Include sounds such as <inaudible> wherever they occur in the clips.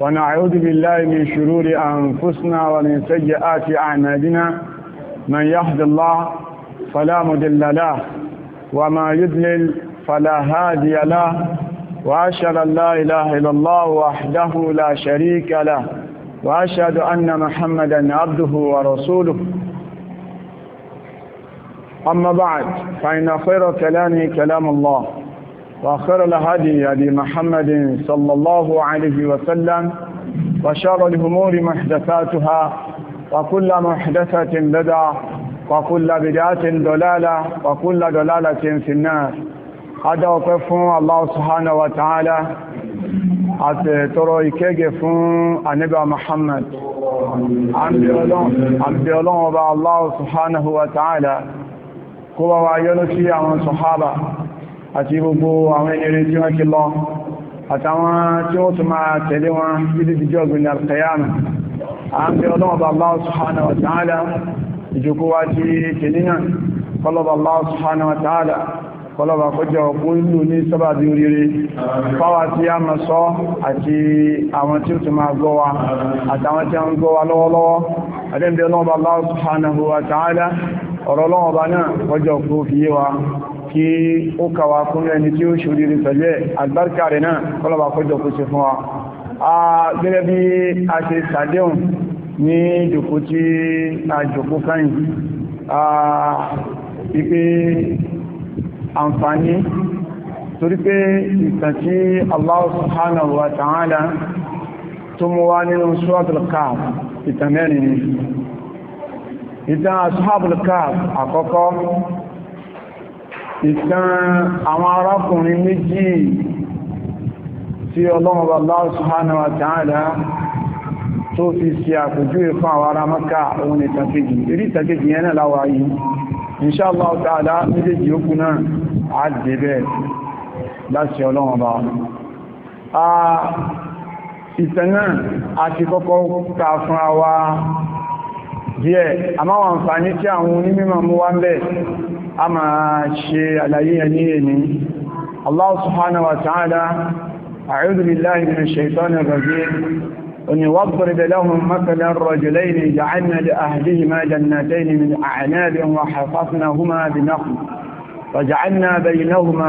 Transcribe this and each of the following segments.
ونعوذ بالله من شرور أنفسنا ومن سيئات أعمالنا من يهد الله فلا مدل له وما يدلل فلا هادي له وأشهد أن لا إله إلا الله وحده لا شريك له وأشهد أن محمدا عبده ورسوله أما بعد فإن خير كلامي كلام الله وخير الهدي هدي محمد صلى الله عليه وسلم وشر الأمور محدثاتها وكل محدثة بدعة وكل بدعة ضلالة وكل ضلالة في النار هذا وقف الله سبحانه وتعالى àtẹ̀tọrọ ìkẹ́gẹ̀ fún àníbà Muhammad. Àbí ọlọ́run ọba Allah subhanahu wa ta'ala kó bá wa yọ́nú sí àwọn sọ̀hábà àti gbogbo àwọn ẹnire tí wọ́n ti lọ àtàwọn tí wọ́n tún máa tẹ̀lé wọn títí dìjọ́ ọ̀gbìn alkayama a ń bẹ ọlọ́ọ̀bà Allah subhanahu wa ta'ala ìjòkó wa ti tẹ̀lé náà kọlọ́bà Allah subhanahu wa ta'ala kọlọ́bà kọjọ ọkùn ìlú ní sábàbí oríire fáwà tí a mọ̀ sọ àti àwọn tí ó tún máa gbọ́ wa ta'ala ọ̀rọ̀ ọlọ́ọ̀bà náà kọjọ wa kí ó kàwà kún ẹni tí ó ṣòrìrì pẹ̀lú àgbárkà rẹ̀ náà kọ́lọ̀bà kọjọ kó ṣe fún wa gẹ́gẹ́ bí a ṣe sàdéhùn ní jòkó tí a jòkó káyìn pípé àǹfààní torí pé ìtàn tí Allah subhanahu wa ìtàn àwọn arákùnrin méjì tí ọlọ́run Allah subhanahu wa ta'ala tó fi ṣe àpòjú ìfún àwọn ará Mákà òun ìtàkejì eré ìtàkejì yẹn náà láwà yìí Insha Allah méjèèjì yókù náà á láti ọlọ́run díẹ̀ àmáwọn àǹfààní tí àwọn onímọ̀ mú wá ń bẹ̀ a máa ṣe àlàyé ẹni ẹni Allah subhanahu wa ta'ala a'udhu billahi minash shaitanir rajim أن يوضرب لهم مثلا الرجلين جعلنا لأهلهما جنتين من أعناب وحفظناهما بنخل وجعلنا بينهما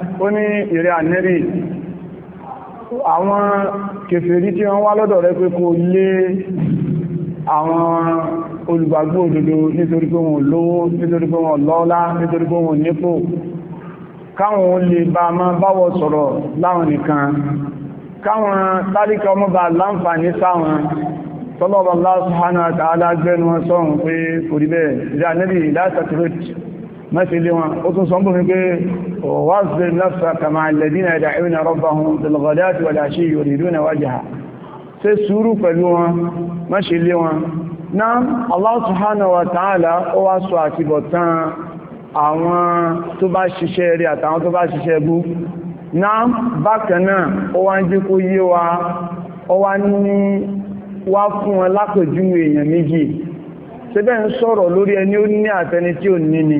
ó ní ìrẹ́ ànẹ́bì àwọn kèfèrí tí wọ́n wá lọ́dọ̀ rẹ pé kó lé àwọn olùgbàgbọ́ òdodo nítorí pé wọn lówó nítorí pé wọn lọ́lá nítorí pé wọn nípò káwọn lè bá má báwọ̀ sọ̀rọ̀ láwọn nìkan káwọn tálíkà ọmọ bá láǹfààní sáwọn tọ́lọ́bọ̀ Allah subhanahu wa ta'ala gbẹ́nu wọn sọ́run pé kò rí bẹ́ẹ̀ rí ànẹ́bì látàtúrẹ́tì mẹ́sílé wọn ó tún sọ́nbùn wípé wà الذين يدعون ربهم alladhina yad'una rabbahum bil-ghadati wal-'ashiyyi yuriduna wajha ṣe sùúrù pẹ̀lú wọn mẹ́sílé wọn náà Allah subhanahu wa ta'ala ó wá sọ àtibọ̀tán àwọn tó bá ṣiṣẹ́ rí àtàwọn tó bá ṣiṣẹ́ bú náà bákan náà ó wá ń jẹ́ kó yé wa ó wá ní wá fún wọn lápèjúwe èèyàn méjì ṣe bẹ́ẹ̀ ń sọ̀rọ̀ lórí ẹni ó ní àtẹni tí ò ní ni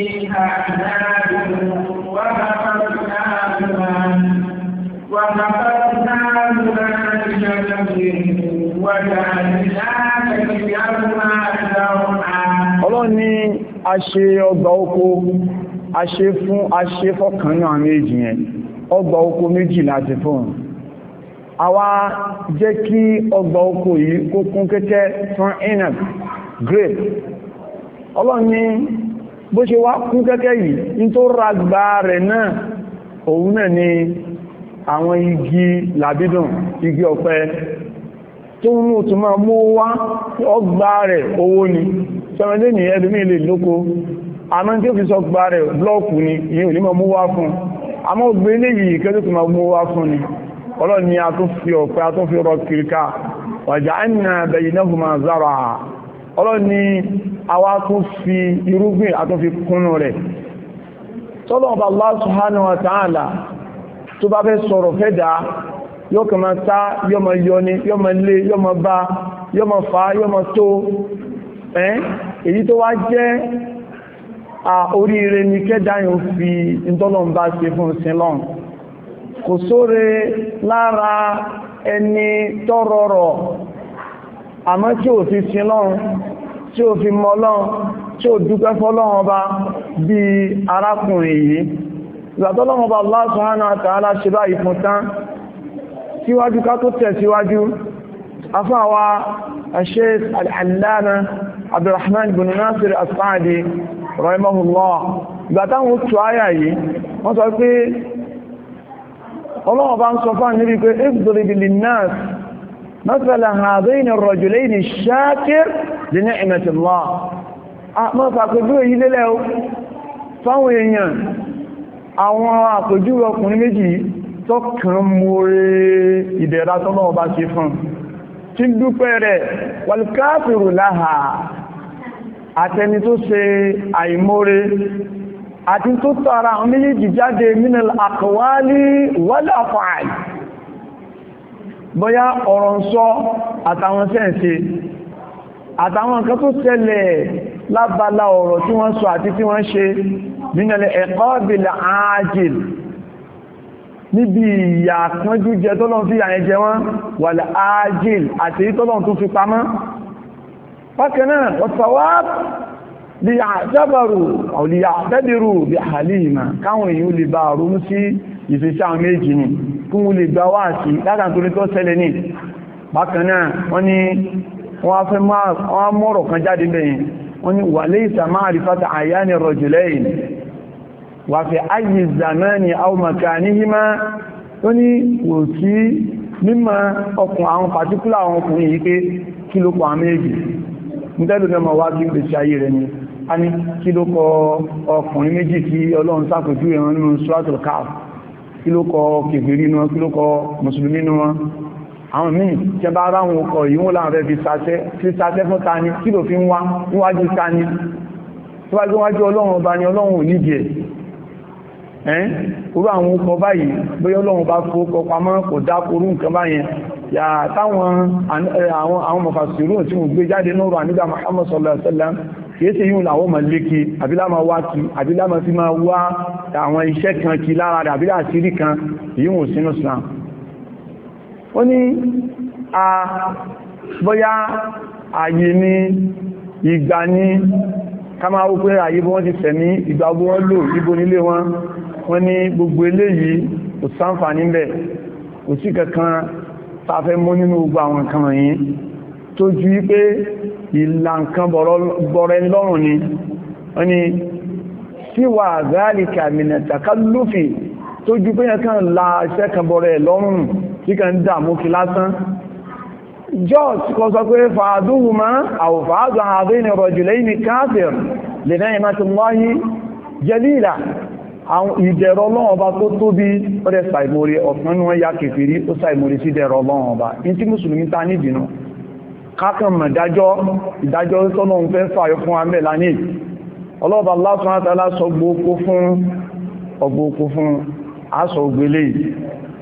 فيها عذاب وغفرنا لمن وغفرنا لمن بجنبه وجعلنا تكيهما زرعا ọlọ́run ní a ṣe ọgbà oko a ṣe fún a ṣe fọ́kàn náà méjì ọgbà oko méjì láti fún àwa jẹ́ kí ọgbà oko yìí kó kún kẹ́kẹ́ fún inab grape ọlọ́run bó ṣe wá kún kẹ́kẹ́ yìí ní tó ragbà rẹ̀ náà òun náà ni àwọn igi làbídùn igi ọ̀pẹ tó ń mú tó máa mú wá ọgbà rẹ̀ owó ni sọmọdé ní ẹdùmí ilé lóko àmọ́ tí ó fi sọ gbà rẹ̀ blọ́ọ̀kù ni ìyẹn ò ní mọ̀ mú wá fún àmọ́ ògbé léyìí kẹ́tù tó máa mú wá fún ni ọlọ́ni a tún fi ọ̀pẹ a tún fi rọ kìríkà wàjá ẹ̀nà bẹ̀yìn náà ọlọ́ni àwa tún fi irúgbìn àtún fi kúnnù rẹ̀ tọ́lọ̀ọ̀bà Allah subhanahu wa ta'ala tó bá fẹ́ sọ̀rọ̀ fẹ́ dáa yóò kàn máa tá yóò máa yọni yóò máa lé yóò máa bá yóò máa fa yóò máa tó ẹ́n èyí tó wá jẹ́ à oríire ní kẹ́dáyàn fi ìtọ́lọ̀mbá ṣe fún sílọ́n kò sóre lára ẹni tọ́rọrọ̀ àmọ́ tí ò fi sin lọ́run tí ò fi mọ́ lọ́run tí ò dúpẹ́ fọ́lọ́run ọba bí arákùnrin yìí ìgbàtọ́lọ́run ọba Allah subhanahu wa ta'ala ṣe báyìí fún tán síwájú ká tó tẹ̀síwájú afáwa al-Allama Abdurrahman bin Nasir as-Sa'di rahimahullah ìgbàtàwọn tó áyà yìí wọ́n sọ pé ọlọ́wọ́ bá ń sọ fáà níbi pé ìgbòrìbìlì náà مثل هذين الرجلين الشاكر لنعمة الله ما تقدروا إلى له فهو ينيان àwọn àpèjúwe ọkùnrin méjì tó kàn múrí ìdẹ̀ra tọ́lọ́ ọba ṣe fún tí ń dúpẹ́ rẹ̀ wàlùkáàfìrù láhà àtẹni tó ṣe àìmóre àti tó tara àwọn méjèèjì jáde mínal àkọwálí wal af'al bóyá ọ̀rọ̀ ń sọ àtàwọn sẹ́ǹsẹ́ àtàwọn nǹkan tó ṣẹlẹ̀ lábala ọ̀rọ̀ tí wọ́n sọ àti tí wọ́n ṣe nínúlẹ̀ ẹ̀kọ́ ìbìlẹ̀ ajil níbi ìyà kan jíjẹ tọ́lọ́n fi àyẹn jẹ wọ́n wà lẹ̀ ajil àti tọ́lọ́n tó fi pamọ́ bákanáà wọ́sàwáp lè àjábàrù ọ̀lẹ́yà tẹ́bìrù bí àhàlì ìmà ìfẹ́sẹ́ àwọn méjì ni kún wọ́n lè gba wá sí látàntorí tó ṣẹlẹ̀ ní bákan náà wọ́n ní wọ́n fẹ́ máa mọ́rọ̀ kan jáde bẹ̀yìn wọ́n ní wà léìsà máa rí fata ni rọ̀jùlẹ́yìn wà fẹ́ ayé zamani aumaka ní hímá tó ní kò sí mímọ̀ ọkùn àwọn pàtíkúlà àwọn ọkùnrin yìí pé kí ni a ní kí ló kọ ọkùnrin méjì tí ọlọ́run sápòjú ẹ̀rọ nínú suratul káàkiri kí ló kọ kèfèrí inú wọn kí ló kọ mùsùlùmí inú wọn àwọn míì tí a bá ráwọn ọkọ̀ yìí wọ́n láwọn fẹ́ fi sàṣẹ́ fi sàṣẹ́ fún ta ni kí ló fi ń wá níwájú ta ni tó bá gbíwájú ọlọ́run ọba ni ọlọ́run ò nídìí ẹ̀ ẹ́n orú àwọn ọkọ̀ báyìí bóyá ọlọ́run bá fó ọkọ̀ pamọ́ kò dákorú nǹkan báyẹn yà táwọn àwọn mọ̀fàṣírò tí wọ́n gbé jáde náà rà nígbà Muhammad sallallahu alaihi wasallam kéèsè yíò làwọn ọmọ lékè àbíláma wá kí àbíláma fi máa wá àwọn iṣẹ́ kan kí lára rẹ̀ àbílá àṣírí kan yíò sínú Islam ó ní a bóyá ààyè ní ìgbà ní ká máa wó pé ààyè bí wọ́n ti fẹ̀mí ìgbà wọ́n lò ibo nílé wọn wọ́n ní gbogbo eléyìí kò sáǹfà níbẹ̀ kò sí kankan tàfẹ́ mú nínú gbogbo àwọn kan wọ̀nyí tó ju wípé ìlà nǹkan bọ̀rẹ̀ lọ́rùn ni wọ́n ni síwà zálìkà mìnàtàkà lófì tó ju pé ẹkan la iṣẹ́ kan bọ̀rẹ̀ lọ́rùn tí kan dàmú kí lásán george kọ́ sọ pé fàádùhùmá àwòfàádùn àádọ́yìn rọ̀jùlẹ́ ní káfíìr lè náà ìmá ti wáyé jẹ́lìlà àwọn ìdẹ̀rọ Ọlọ́run ọba tó tóbi ọdẹ sàìmòrè ọ̀kan ní wọ́n yá kèfèrí ó sàìmòrè sí ìdẹ̀rọ Ọlọ́run ọba kákànmà dájọ́ ìdájọ́ sọ́nà ń fẹ́ fàyọ fún amẹ́lá ní ọlọ́ọ̀bà lásán àtàlá sọ gbókó fún ọgbókó fún aṣọ ògbélé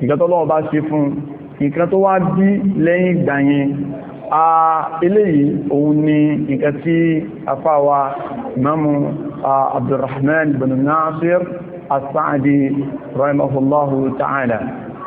ìgbẹ́ tọ́lọ́ọ̀bá sí fún nǹkan tó wá bí lẹ́yìn ìgbà yẹn a eléyìí òun ni bin Nasir as rahimahullahu ta'ala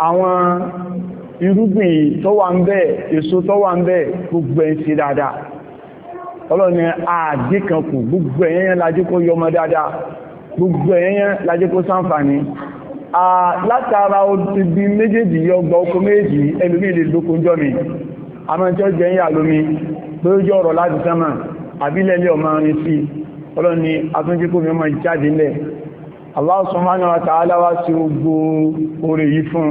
àwọn irúgbìn tó wà ń bẹ èso tó wà ń bẹ gbogbo ẹ̀ sí dáadáa ọlọ́ni àdí kan kù gbogbo ẹ̀yẹn lájé kó yọmọ dáadáa gbogbo ẹ̀yẹn lájé kó sáǹfàní látara ibi méjèèjì ọgbà oko méjèèjì ẹlùmí ilẹ̀ lókúnjọ́ mi àmọ́jọ́ jẹ́ yà lómi mi Allah subhanahu wa ta'ala wá sí gbogbo orí yìí fún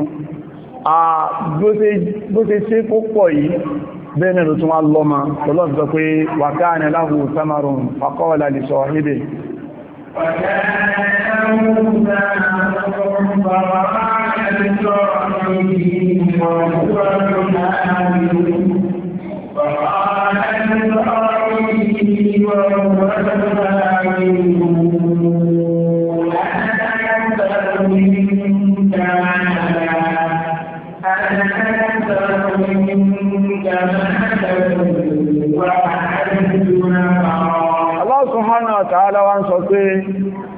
bó ṣe ṣe púpọ̀ yìí bẹ́ẹ̀nà ló tún wá lọ́mà ọlọ́pẹ́ pé wa kana lahu thamarun faqala li sahibihi وَقَالَ الْأَرْضُ Allah subhanahu wa ta'ala wá sọ pé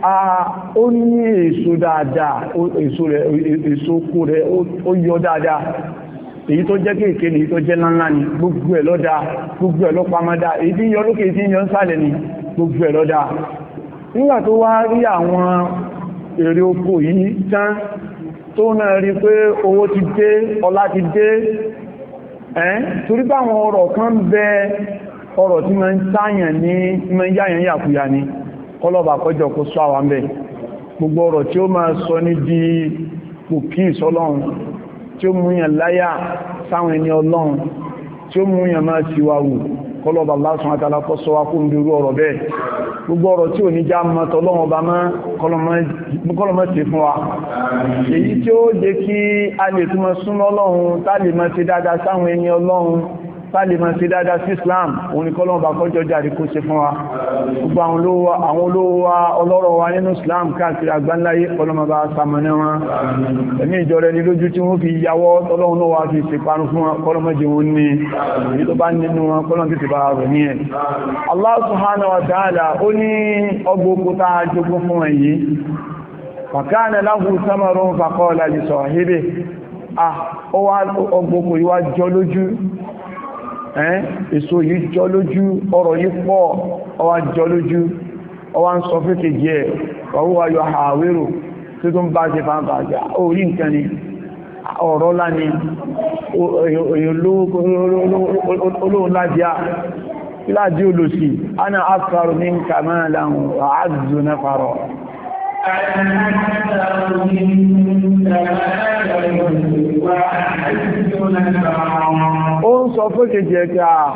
a ó ní èso dáadáa èso kú rẹ̀ ó yọ dáadáa èyí tó jẹ́ kéèké ní tó jẹ́ ńláńlá ni gbogbo ẹ̀ lọ́dá gbogbo ẹ̀ lọ́pamọ́dá èyí tí yọ lókè tí yọ ń ni gbogbo ẹ̀ lọ́dá nígbà tó wá rí àwọn èrè oko yìí tán tó náà rí ti dé ọlá ti dé ẹ́n torí báwọn ọ̀rọ̀ kan bẹ ọ̀rọ̀ tí ma ń sáyàn ní ma ń yáyàn yàkúyà ní kọlọ̀bà kọjọ kó sọ àwọn bẹ gbogbo ọ̀rọ̀ tí ó ma sọ ní di pòkí ìsọlọ́run tí ó múyàn láyà sáwọn ẹni ọlọ́run tí ó múyàn máa ṣìwàwù kọlọ́ba lásán àtàlà kọ́ sọ akó ń berú ọ̀rọ̀ bẹ́ẹ̀ gbogbo ọ̀rọ̀ tí ò ní já mọ́ tọ́lọ́wọ́n bá mọ́ kọlọ́mọ́ ti fún wa èyí tí ó jẹ́ kí a lè túnmọ̀ súnmọ́ ọlọ́run tá mọ́ ti dáadáa sáwọn ẹni ọlọ́run sálèmọ̀ sí dáadáa sí Islam òun ni kọ́lọ̀ bá kọjọ jàrí kó ṣe fún wa gbogbo àwọn olówó wa ọlọ́rọ̀ wa nínú Islam káàkiri àgbánláyé ọlọ́mọ bá sàmọ̀nà wọn ẹ̀mí ìjọ rẹ̀ ní lójú tí wọ́n fi yàwọ́ tọ́lọ́run náà wá fi ṣèparun fún wọn kọ́lọ́mọ́jẹ Allah subhanahu wa ta'ala ó ní ọgbókú tá a jogún fún ẹ̀yí fàkánà láhùn ah ó wá ọgbókú yíwá lójú èso yìí jọ lójú ọ̀rọ̀ yìí pọ̀ ọwá jọ lójú ọwá ń sọ fẹ́kẹ̀ jẹ́ ọwọ́ ayọ̀ àwérò tí tó ń bá jẹ fàǹfà àjá orí nǹkan ni ọ̀rọ̀ láni olóòlájá láti olóòsì ana afẹ́rù ní kàmáàlà àádùn náfàrọ̀ Ó ń sọ fún kejì ẹ̀kẹ́ à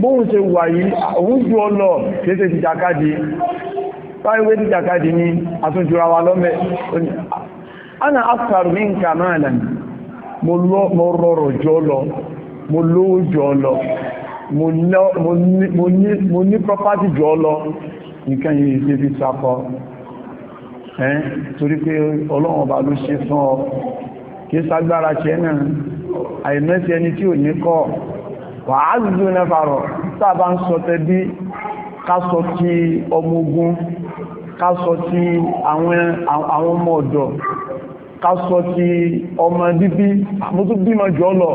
bóhun ṣe wà yìí, òun jù ọ kéèsè ti jàkadì. Báyíwé ti jàkadì ní àtúnjúra wa lọ́mẹ́. Ana afẹ́rù ní ǹkà náà nà mo rọrọ̀ jọ lọ, mo lówó jọ lọ, mo ní property jọ lọ, nìkan yìí ṣe fi sapọ̀. ẹ́n torí pé ọlọ́run ọba ló ṣe fún ọ kí ságbára ṣe náà àìmẹ́sí ẹni tí ò ní kọ́ wà á zùzú nẹ́fàrọ̀ sábà ń sọ tẹ́bí ká ti ọmọ ogun ká ti àwọn ọmọ ọ̀dọ̀ ká ti ọmọ bíbí mo tún bímọ jù ọ lọ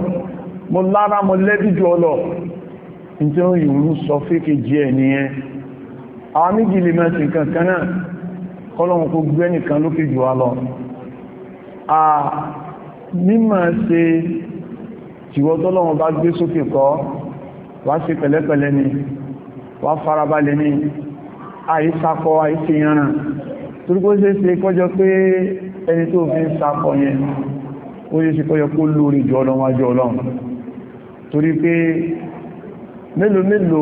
mo lára mo lẹ́bí jù lọ nítorí ìwúrú sọ fẹ́kẹ̀ẹ́ ẹ̀ nìyẹn àwọn méjì lè mẹ́sìn kankan náà kọ́lọ́run kó gbé nìkan lókè jù wá lọ a mímọ̀ ṣe tìwọ́ tọ́lọ́run bá gbé sókè kọ́ wá ṣe pẹ̀lẹ́pẹ̀lẹ́ ni wá farabalẹ̀ ni àyí sakọ àyí ṣe yànràn torípó ṣe ṣe kọjọ pé ẹni tó fi ń sakọ yẹn ó yẹ ṣe kọjọ kó lórí jù ọlọ́run ọlọ́run torí pé mélòó mélòó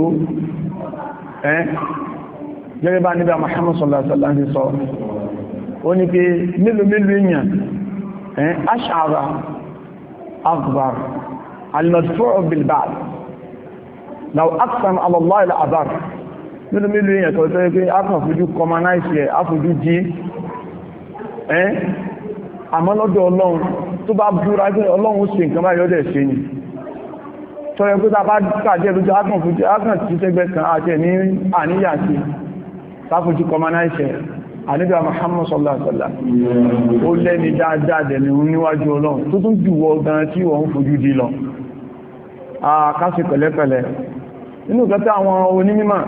gẹ́gẹ́ bá níbi Muhammad sallallahu alaihi sọ ó ní pé mélòó mélòó èèyàn ẹ̀yìn ash'ara akbar al-madfu'u bil-ba'd law aqsama mélòó mélòó èèyàn tó pé afọ́jú commonize pé ọlọ́run bá yọ́dẹ̀ ni lójú akàn fújú akàn tí tẹ́gbẹ́ kan àti ni sí sáfojú kọmaná ìṣẹ́ àníbà Muhammad sallallahu alaihi wasallam ó lẹ́ni dáadáa dẹ̀ni níwájú ọlọ́run tó tún jùwọ gan tí wọ́n ń fojú di lọ àkásí pẹ̀lẹ́pẹ̀lẹ́ inú kẹta àwọn onímímọ̀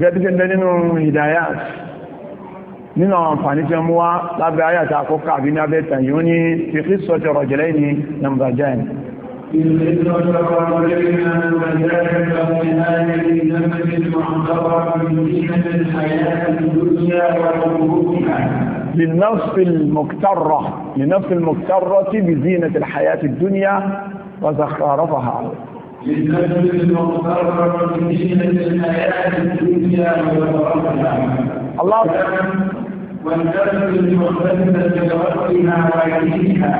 gẹ́gẹ́ nínú ìdáyà nínú àwọn àǹfààní tí wọ́n wá lábẹ́ ayàtà àkọ́kọ́ àbí ní ó ní fìkí sọ́jọ́rọ̀ jẹ́lẹ́ ní nàmbàjáì للنفس المكترة للنفس المكترة بزينة الحياة الدنيا وزخارفها للنفس المكترة بزينة الحياة الدنيا وزخارفها الله والجنة مختلفة لوقتها ويديها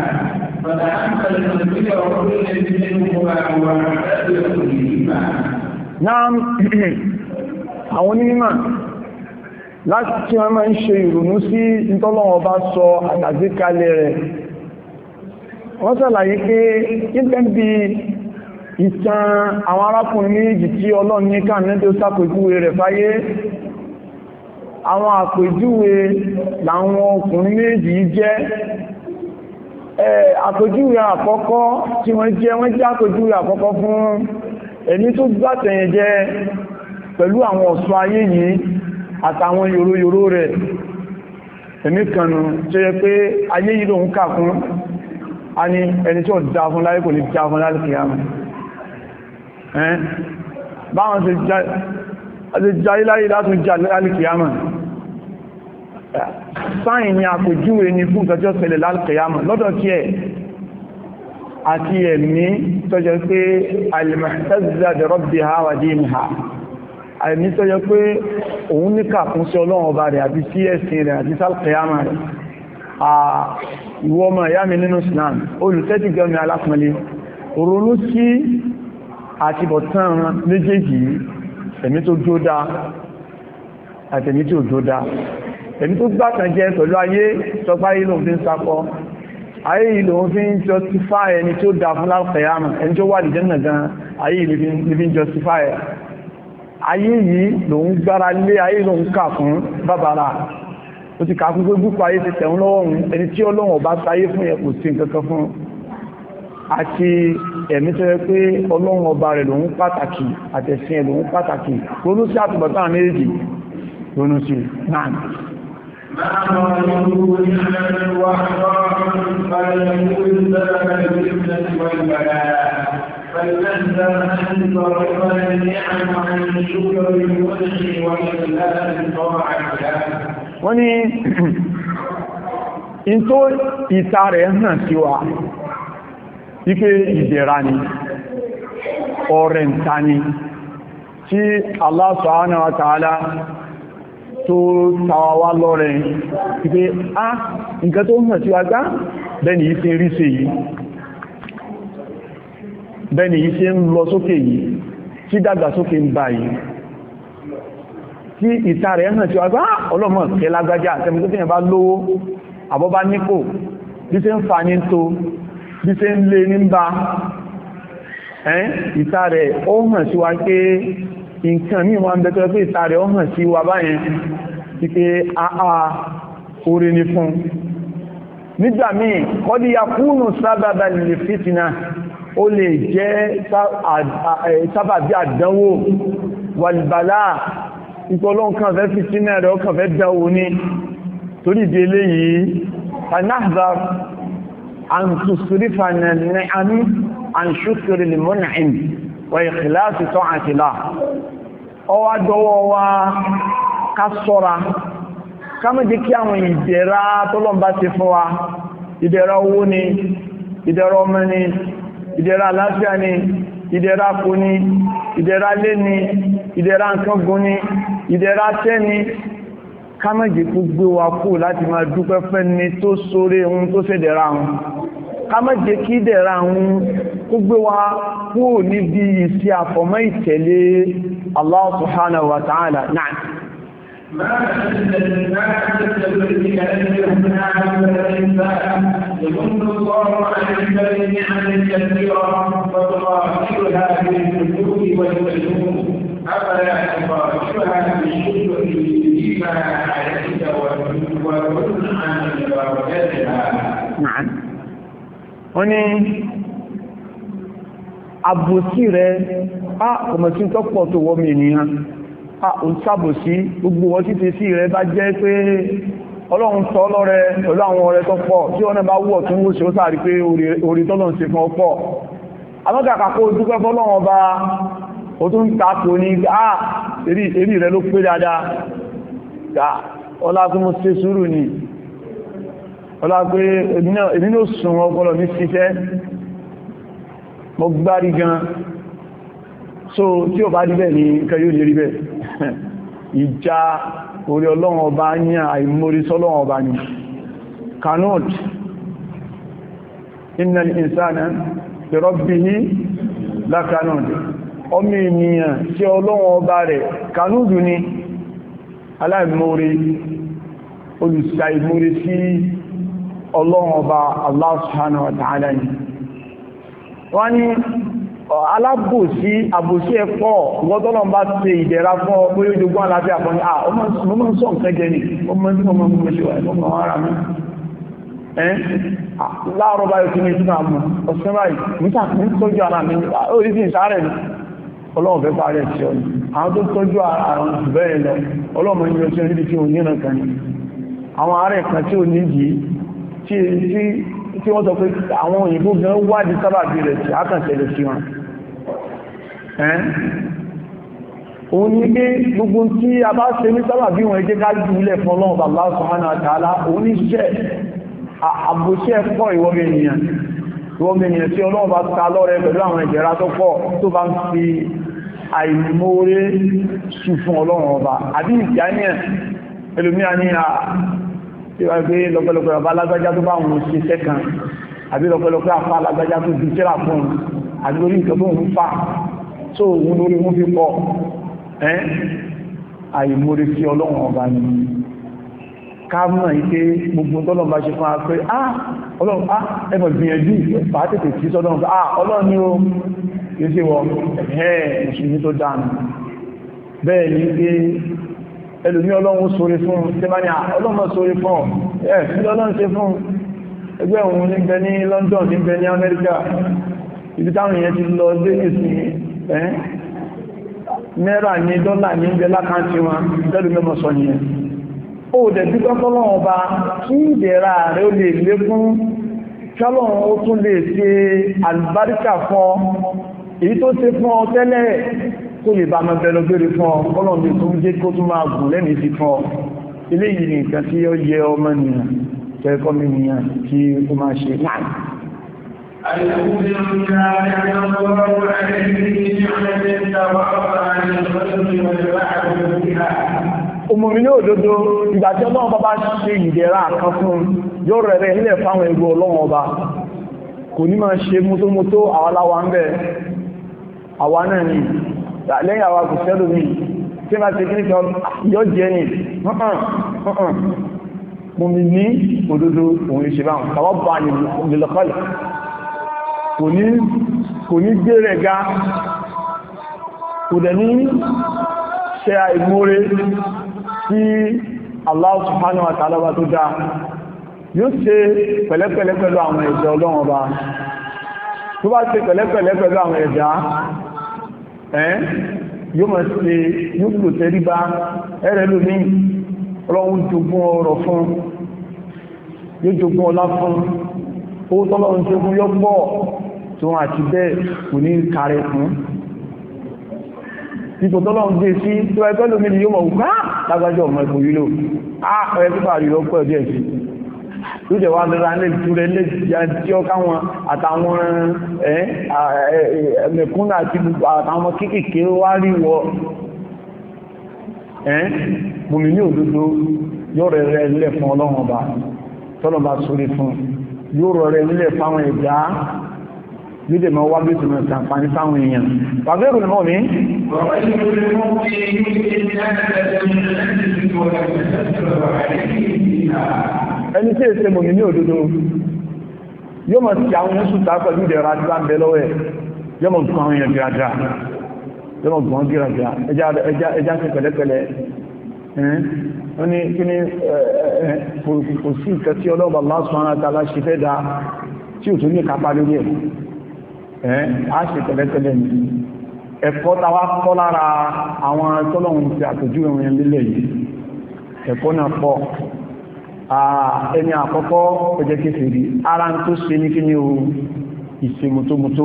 فتأمل تنفيذ كل منهما واعتبر كلهما. نعم àwọn onímọ̀ láti tí wọ́n máa ń ṣe ìrònú sí ìtọ́lọ́wọ́ bá sọ àtàzíkalẹ̀ rẹ̀ wọ́n sàlàyé pé ìgbẹ́bí ìtàn àwọn arákùnrin méjì tí Ọlọ́run ní káà ní tó sápẹ̀kú rẹ̀ fáyé àwọn àpèjúwe làwọn ọkùnrin méjì jẹ́ àpèjúwe àkọ́kọ́ tí wọ́n jẹ́ wọ́n jẹ́ àpèjúwe àkọ́kọ́ fún ẹni tó gbàtẹ̀yìn jẹ́ pẹ̀lú àwọn ọ̀ṣọ́ ayé yìí àtàwọn yòróyòró rẹ̀ ẹ̀mí kanu tó yẹ pé ayé yìí lòun kà fún a ní ẹni tí dá fún láyé kò ní dá fún láyé kìí àti jayíláyé látún jà lálìkìyàmà sáyìn ni àpèjúwe ni fún ìtọ́jọ́ ṣẹlẹ̀ lálìkìyàmà lọ́dọ̀ tí ẹ̀ àti ẹ̀mí tọ́jọ́ pé alìmọ̀tẹ́zìdàdì rọ́bì ha wà dí ìhà àìní tọ́jọ́ pé òun ní kàkún sí ọlọ́run ọba rẹ̀ àti sí ẹ̀sìn ẹ̀mí tó dúró dáa àtẹ̀mí tí ò dúró dáa ẹ̀mí tó gbákan jẹ́ pẹ̀lú ayé sọpá yìí lòun fi ń sapọ̀ ayé yìí lòun fi ń justify ẹni tó dá fún láàpẹ̀yàmù ẹni tó wà nìjẹ́ nàgan ayé yìí lè fi ń justify ẹ̀ ayé yìí lòun gbára lé ayé lòun kà fún bàbàrà ó ti kà fún gbogbo ayé ti tẹ̀hún lọ́wọ́ ẹni tí ọlọ́wọ̀n bá sáyé fún ẹ̀ kò sí nǹkan kan fún un àti ẹ̀mí tó yẹ pé ọlọ́run ọba rẹ̀ lòun pàtàkì àtẹ̀sìn ẹ̀ lòun pàtàkì ronú sí àtùbọ̀tán àwọn méjèèjì ronú sí náà wọ́n ní ìtò <clears throat> ìta rẹ̀ hàn sí wa wípé ìdẹ̀ra ni ọ̀rẹ̀ ǹta ni tí Allah subhanahu wa ta'ala tó tàwàwà lọ́rẹ̀ wípé a ah, nǹkan tó hàn sí agbá bẹ́ni yìí ṣe rí ṣe yìí bẹ́ni yìí ṣe ń lọ sókè yìí tí dàgbàsókè ń bá yìí tí ìta rẹ̀ hàn sí ah, ọlọ́mọ̀ kẹlágbájá bí ṣe ń lè ní bá ẹ́n ìta rẹ̀ ó hàn sí wa pé nǹkan ní wọn bẹ́tọ́ pé ìta rẹ̀ ó hàn sí wa báyẹn ti pé àà orí ní fún nígbà míì kọ́dí yakúnù sábàbà lè fìtìnà ó lè jẹ́ sábàbí àdánwò wàlìbàlá ìpọlọ́nkan fẹ́ fìtìnà rẹ̀ ọkàn fẹ́ dánwò ní torí أن تصرف النعم عن شكر المنعم وإخلاص طاعة الله ọwá dọwọ́ wa ká sọ́ra ká mọ́ jẹ́ kí àwọn ìdẹ̀ra tọ́lọ́mbá ti fún wa ìdẹ̀ra owó ni ìdẹ̀ra ọmọ ni ìdẹ̀ra aláfíà ni ìdẹ̀ra kò ni ìdẹ̀ra lé ni ìdẹ̀ra nǹkan gùn ni ìdẹ̀ra tẹ́ kámẹ́jì kú gbé wa kú láti máa dúpẹ́ fẹ́ ni tó sóre ohun tó ṣe dẹ̀ra ohun kámẹ́jì kí dẹ̀ra ohun kú gbé wa kú níbi ìsí àfọ̀mọ́ ìtẹ̀lé Allah subhanahu wa ta'ala náà ما أنزلنا على التبرك أنزلنا على الإنسان يمن الله على البين عن الكثيرة وتقاتلها بالحدود والسجود أفلا تباركها بشكر بما عليك وكن عن بركتها نعم oni àbòsí rẹ̀ a ọmọ̀tí tó pọ̀ tó wọ́n mi ènìyàn a ò sábòsí gbogbo wọ́n títí sí rẹ̀ bá jẹ́ pé ọlọ́run tọ́ lọ́rẹ pẹ̀lú àwọn ọ̀rẹ́ tó pọ̀ tí wọ́n bá wọ́ tún wóṣe ó sáàrí pé orí tọ́lọ̀ ń ṣe fún ọpọ̀ ó tún tako ní àà èrí rẹ̀ ló pé dáadáa ta ọlágúnmọ́ sí sùúrù ni ọlágbé èmi ló sùn ọgbọ́lọ̀ ní síṣẹ́ mọ́ gbárí gan so tí ó bá díbẹ̀ ní nǹkan yóò lè rí bẹ̀ <laughs> ìjà orí ọlọ́run ọba ní àìmórí sọ́lọ́run ọba ọmọ ènìyàn tí ọlọ́wọ́ ọba rẹ̀ kanúdù ni aláìmóre olùsà ìmóre sí ọlọ́wọ́ ọba Allah subhanahu wa ta'ala ni wọ́n ni alábòsí àbòsí ẹ̀pọ̀ gọ́tọ́lọ́n bá ṣe ìdẹ̀ra fún ọ pé fún láàrọ̀ báyìí ní ìtúnà mọ̀ báyìí ní tọ́jú mi ó rí sí ìsáàrẹ̀ ọlọ́run fẹ́ bá rẹ̀ sí ọ àwọn tó tọ́jú àrùn bẹ́ẹ̀ lọ ọlọ́run yíò tí ó níbi tí ó ní ìrànkan ní àwọn ààrẹ kan tí ó níbi tí wọ́n sọ pé àwọn òyìnbó gan wádìí sábàbí rẹ̀ sí àkànṣẹ̀lẹ̀ sí wọn òun ní pé gbogbo tí a bá ṣe gómìnà tí ọlọ́run bá ta lọ́rẹ pẹ̀lú àwọn ìjẹ̀ra tó pọ̀ tó bá ń fi àìmóore sí fún ọlọ́run ọba àbí ìjáníẹ̀ ẹlòmíà ní à tí wá gbé lọ́pẹ́lọpẹ́ ọba alágbájá tó bá wọn ṣe sẹ́kàn àbí lọ́pẹ́lọpẹ́ àfá alágbájá tó di tẹ́lá fún àbí orí nǹkan tó ń fà tó òun lórí mú fi pọ̀ ẹ́ àìmóore sí ọlọ́run ọba ni ká mọ̀ ike gbogbo tọ́lọ́ bá ṣe fún wa pé ah ọlọ́run á ah, ẹmọ̀ ìgbìyànjú pàátètè tí sọ́dọ̀n à ah, ọlọ́run ní o yé sí wọ ẹ̀ẹ́ mùsùlùmí tó dánù bẹ́ẹ̀ ní pé ẹlòmí ọlọ́run sóre fún tẹ́mání ah, ọlọ́run sóre fún ẹ̀ sí ọlọ́run ṣe fún ẹgbẹ́ òun níbẹ̀ ní London níbẹ̀ ní Amẹ́ríkà ibi táwọn èèyàn ti lọ dé ìsìn ẹ́ náírà ní dọ́là ní ìgbẹ́lá kan ti wọn tẹ́lùmẹ́mọ̀ sọ nìyẹn ó dẹ̀ dúpẹ́ fọ́lọ́run ọba kí ìdẹ̀ra rẹ̀ ó lè lékún kọ́lọ́run ó tún lè ṣe àlùbáríkà fún ọ èyí tó ṣe fún ọ tẹ́lẹ̀ kó lè bá máa bẹ̀rẹ̀ gbére fún ọ kọ́lọ́run lè tún jẹ́ kó tún máa gùn lẹ́mìí sí fún ọ eléyìí ni nǹkan tí ó yẹ ọmọ nìyàn tẹ́kọ́ mi nìyàn kí ó máa ṣe náà الحمد لله نصره عليه نعمة توقع عن الخلق والبعث بها òmùmí ní òdodo ìgbà tí ọlọ́run bá bá ṣe ìdẹ̀ra kan fún yóò rẹ̀rẹ̀ ilẹ̀ fáwọn ẹgbẹ́ ọlọ́run ọba kò ní máa ṣe mútómútó àwa láwa ń bẹ̀ àwa náà ni lẹ́yìn àwa kò sẹ́lò mi tí máa ṣe kíníkan yọ jẹ́ ni mùmí ní òdodo òun ìṣe báwọn tàwa bá ní ìlọ́kọ̀lẹ̀ kò ní gbé rẹ̀ ga kò dẹ̀ ní ṣe àìmóre tí Allah subhanahu wa ta'ala tó dáa yóò ṣe pẹ̀lẹ́pẹ̀lẹ́ pẹ̀lú àwọn ẹ̀dá ọlọ́run ọba tó bá ṣe pẹ̀lẹ́pẹ̀lẹ́ pẹ̀lú àwọn ẹ̀dá ẹ́ yóò mọ̀ sí yóò lò ipò tọ́lọ́ ń gbé sí tó ẹgbẹ́ lómi ni yóò mọ̀ wùká ah! lágbàjọ́ ọmọ ipò yìí lò á ah! ọ̀rẹ́ pípa àríwọ̀ pẹ̀ díẹ̀ sí ló jẹ̀ wá lọ́ra lè túrẹ lè tí ó káwọn àtàwọn ẹ̀mẹ̀kúnlá àti àtàwọn kéèkéé wá rí wọ bùnmi ní òdodo yóò rẹ̀ rẹ̀ lẹ̀ fún ọlọ́run ọba tọ́lọ́ba sórí fún yóò rọ̀ rẹ̀ lẹ̀ fáwọn ẹ̀dá nídè mọ́ wá bí ìtùnú ìsànfàní sáwọn èèyàn pàbí ìrùn mọ́ mi ẹni tí èsẹ mọ̀ mi ní òdodo yóò mọ̀ sí àwọn oṣù tàbí pẹ̀lú ìdẹ̀rọ àti bá ń bẹ lọ́wọ́ ẹ̀ yóò mọ̀ gún àwọn èèyàn gíràjá yóò mọ̀ gún gíràjá ẹjá sí pẹ̀lẹ́pẹ̀lẹ́ wọ́n ni kí ni kò sí ìkẹ́ tí ọlọ́ọ̀bà lásán àtàlá ṣe fẹ́ dáa tí ò tó ní kápá lórí ẹ̀ a ṣe tẹ́lẹ̀tẹ́lẹ̀ ní ẹ̀kọ́ tàwa kọ́ lára àwọn tọ́lọ̀hun ti àtòjú ìrìn lílẹ̀ yìí ẹ̀kọ́ náà pọ̀ ẹni àkọ́kọ́ ẹjẹ́ kéfèrí ara tó ṣe ní kíní o ìṣe mọ́tòmọ́tò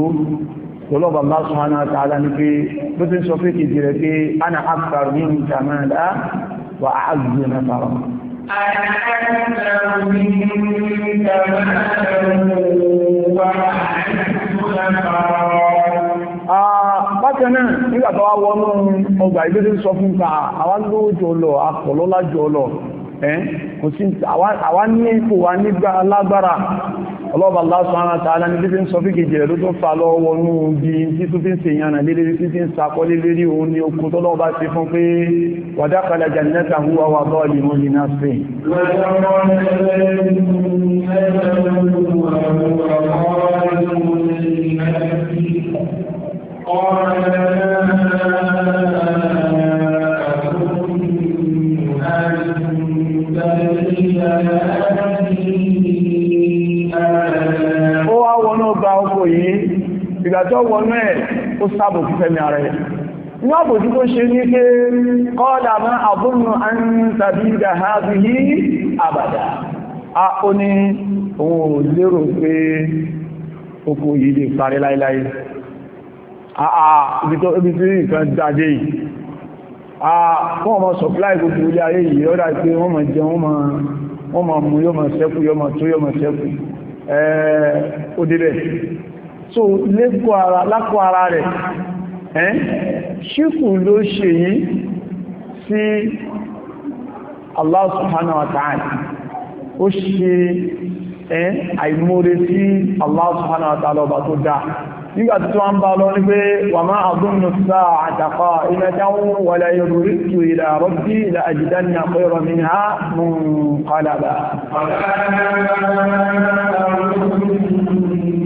lọ́lọ́bà bá sọ hánà tààlà ní pé bó ti ń sọ pé kìí rẹ̀ pé a na akthar ní ìtàmàdá wà á gbé na fara Àyàkàtà òní ìjọba àwọn ọmọ Ah, Bákanáà, nígbà tó wá wọnú ọgbà ìgbé tí sọ fún ta, ah, àwa lówó jọ lọ, àpọ̀lọ́lá jọ lọ, ẹ́, kò sí, àwa ní ipò wa nígbà lágbára, ọlọ́ọ̀bà lásán àtàlá ní fífí ń sọ fí kejì rẹ̀ ló tún fà lọ́wọ́ ní bí tí tó fi ń se ìyànà lé lérí fífí ń sakọ́ lé lérí òun ni okun tó lọ́ọ̀bá ti fún pé wàdákalà jannata huwa wà bọ́ọ̀lì mú ní nafsi ìgbàjọ́ wọnú ẹ̀ ó sábò fífẹ́ mi ara ẹ̀ ní ọ̀bòjú tó ṣe ní pé kọ́ọ̀dà máa àbúrùn an tàbí ìdáhábì yìí àbàdà a ó ní òun ò lérò pé oko yìí lè parí láíláí àà ibi tó ibi tí nǹkan dáadé yìí a wọ́n mọ̀ supply gbogbo ilé ayé yìí ọ́dá pé wọ́n mọ̀ jẹun wọ́n mọ̀ mú yóò mọ̀ sẹ́kù yóò mọ̀ tó yóò mọ̀ sẹ́kù ẹ̀ẹ́ ó débẹ̀ so lẹ́kọ́ ara lákọ́ ara rẹ̀ ẹ́n ṣífù ló ṣe yìí sí Allah subhanahu wa ta'ala ó ṣe ẹ́n àìmóre sí Allah subhanahu wa ọba tó dáa nígbàtí tó ń bá lọ ní pé wà máa àdúnnù sáà àtàkọ́ iná dáwọn wàlá yorùrí tó ìlà rọ́bí ìlà àjídá ní àpẹ́rọ mi ha mún kọlàbà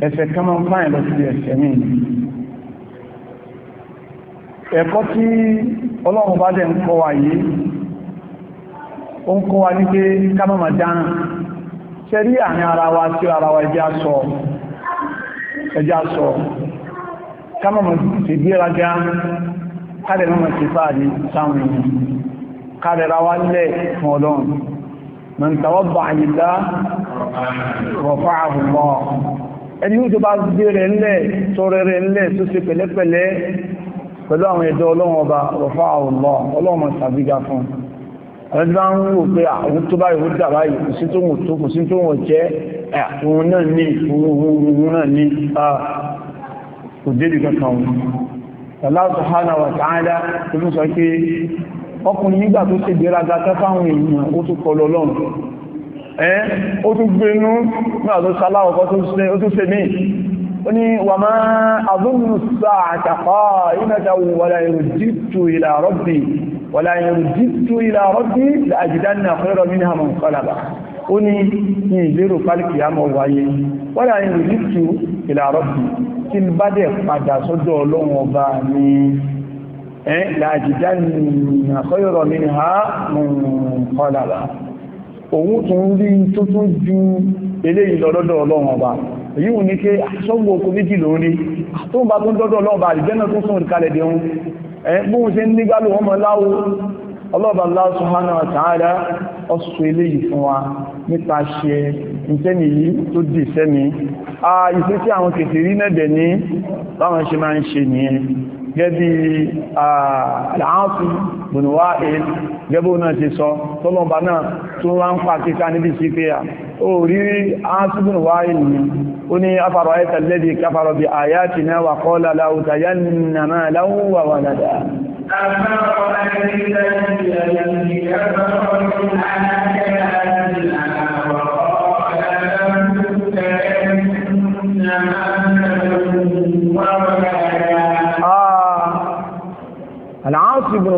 ẹ̀fẹ̀ kan máa lọ sí ẹ̀fẹ̀ míì ẹ̀kọ́ tí ọlọ́run bá dẹ̀ ń kọ́ wa yìí ó ń kọ́ wa ní pé ká má máa dáràn ṣẹ́rí àárín ara wa sí ara wa ẹjá sọ ẹjá sọ ti ti fáàrí sáwọn ra fún ẹni yóò tó bá gbé rẹ̀ ńlẹ̀ tọrẹ rẹ̀ ńlẹ̀ tó ṣe pẹ̀lẹ́pẹ̀lẹ́ pẹ̀lú àwọn ẹ̀dọ́ ọlọ́run ọba ọ̀fà ọ̀lọ́ ọlọ́run ṣàbíga fún àwọn tí wọ́n ń wò pé àwọn tó bá ìwò dà báyìí kò sí tó wò tó kò ọkùnrin nígbà tó ṣe gbéraga tẹ́fáwọn èèyàn ó tó kọlọ ọlọ́run ẹ́ ó tún gbé inú náà tó sáláwọ̀kọ́ tó ṣe ní ó ní wà máa àdúnnù sáàtàkọ́ ìnáta wàlá ìrùjítù ìlà rọ́bì wàlá ìrùjítù ìlà rọ́bì àjìdánà fẹ́rọ mínú àmà kọlàbà ó ní ní ìlérò pálíkì òun tún rí tuntun ju eléyìí lọ́dọ́dọ̀ ọlọ́run ọba èyí wù ní kí aṣọ́gbò oko méjì lòun ní tó ń bá tó ń dọ́dọ̀ ọlọ́run ọba àdìjẹ́nà tó sùn kalẹ̀ dẹun ẹ̀ bóun ṣe ń nígbàlù ọmọ láwo ọlọ́ọ̀bà Allah subhanahu wa ta'ala ọ̀sọ̀ eléyìí fún wa nípa ṣe ìtẹ́ni yìí tó dì sẹ́mi. a ìfẹ́ tí àwọn kèfèrí náà dẹ̀ ní báwọn ṣe máa gẹ́bí àlàáfí bùnúwà èé gẹ́bó náà ti sọ tọ́lọ̀mbà náà tó wá ń pàtí ká níbi sí pé à ó rí áásí bùnúwà èé ó ní afárọ̀ ayẹta káfàrọ̀ bí àyá náà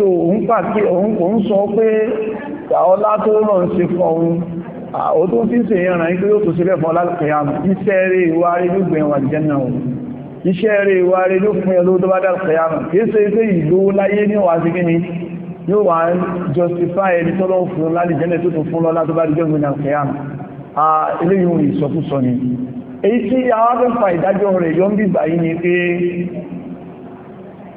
so òun pàtí òun sọ pé ọlá tó rọ̀ ń ṣe fún ọun ó tó fi ń ṣe ìrìnà ìpé yóò tó sílẹ̀ fún ọlálùkìyàmù iṣẹ́ eré ìwárí lúgbìn wà jẹ́nà òun iṣẹ́ eré ìwárí ló fún ẹlú tó bá dálùkìyàmù kìí ṣe pé ìlú láyé ní wà sí kíni yóò wà justify ẹni tó lọ́wọ́ fún lálì jẹ́nà tó tó fún lọ́lá tó bá dìjọ́ gbìn àkìyàmù eléyìí ìsọkúsọ ni èyí tí àwọn afẹ́fà ìdájọ́ rẹ̀ yọ ń bìbà yìí ni pé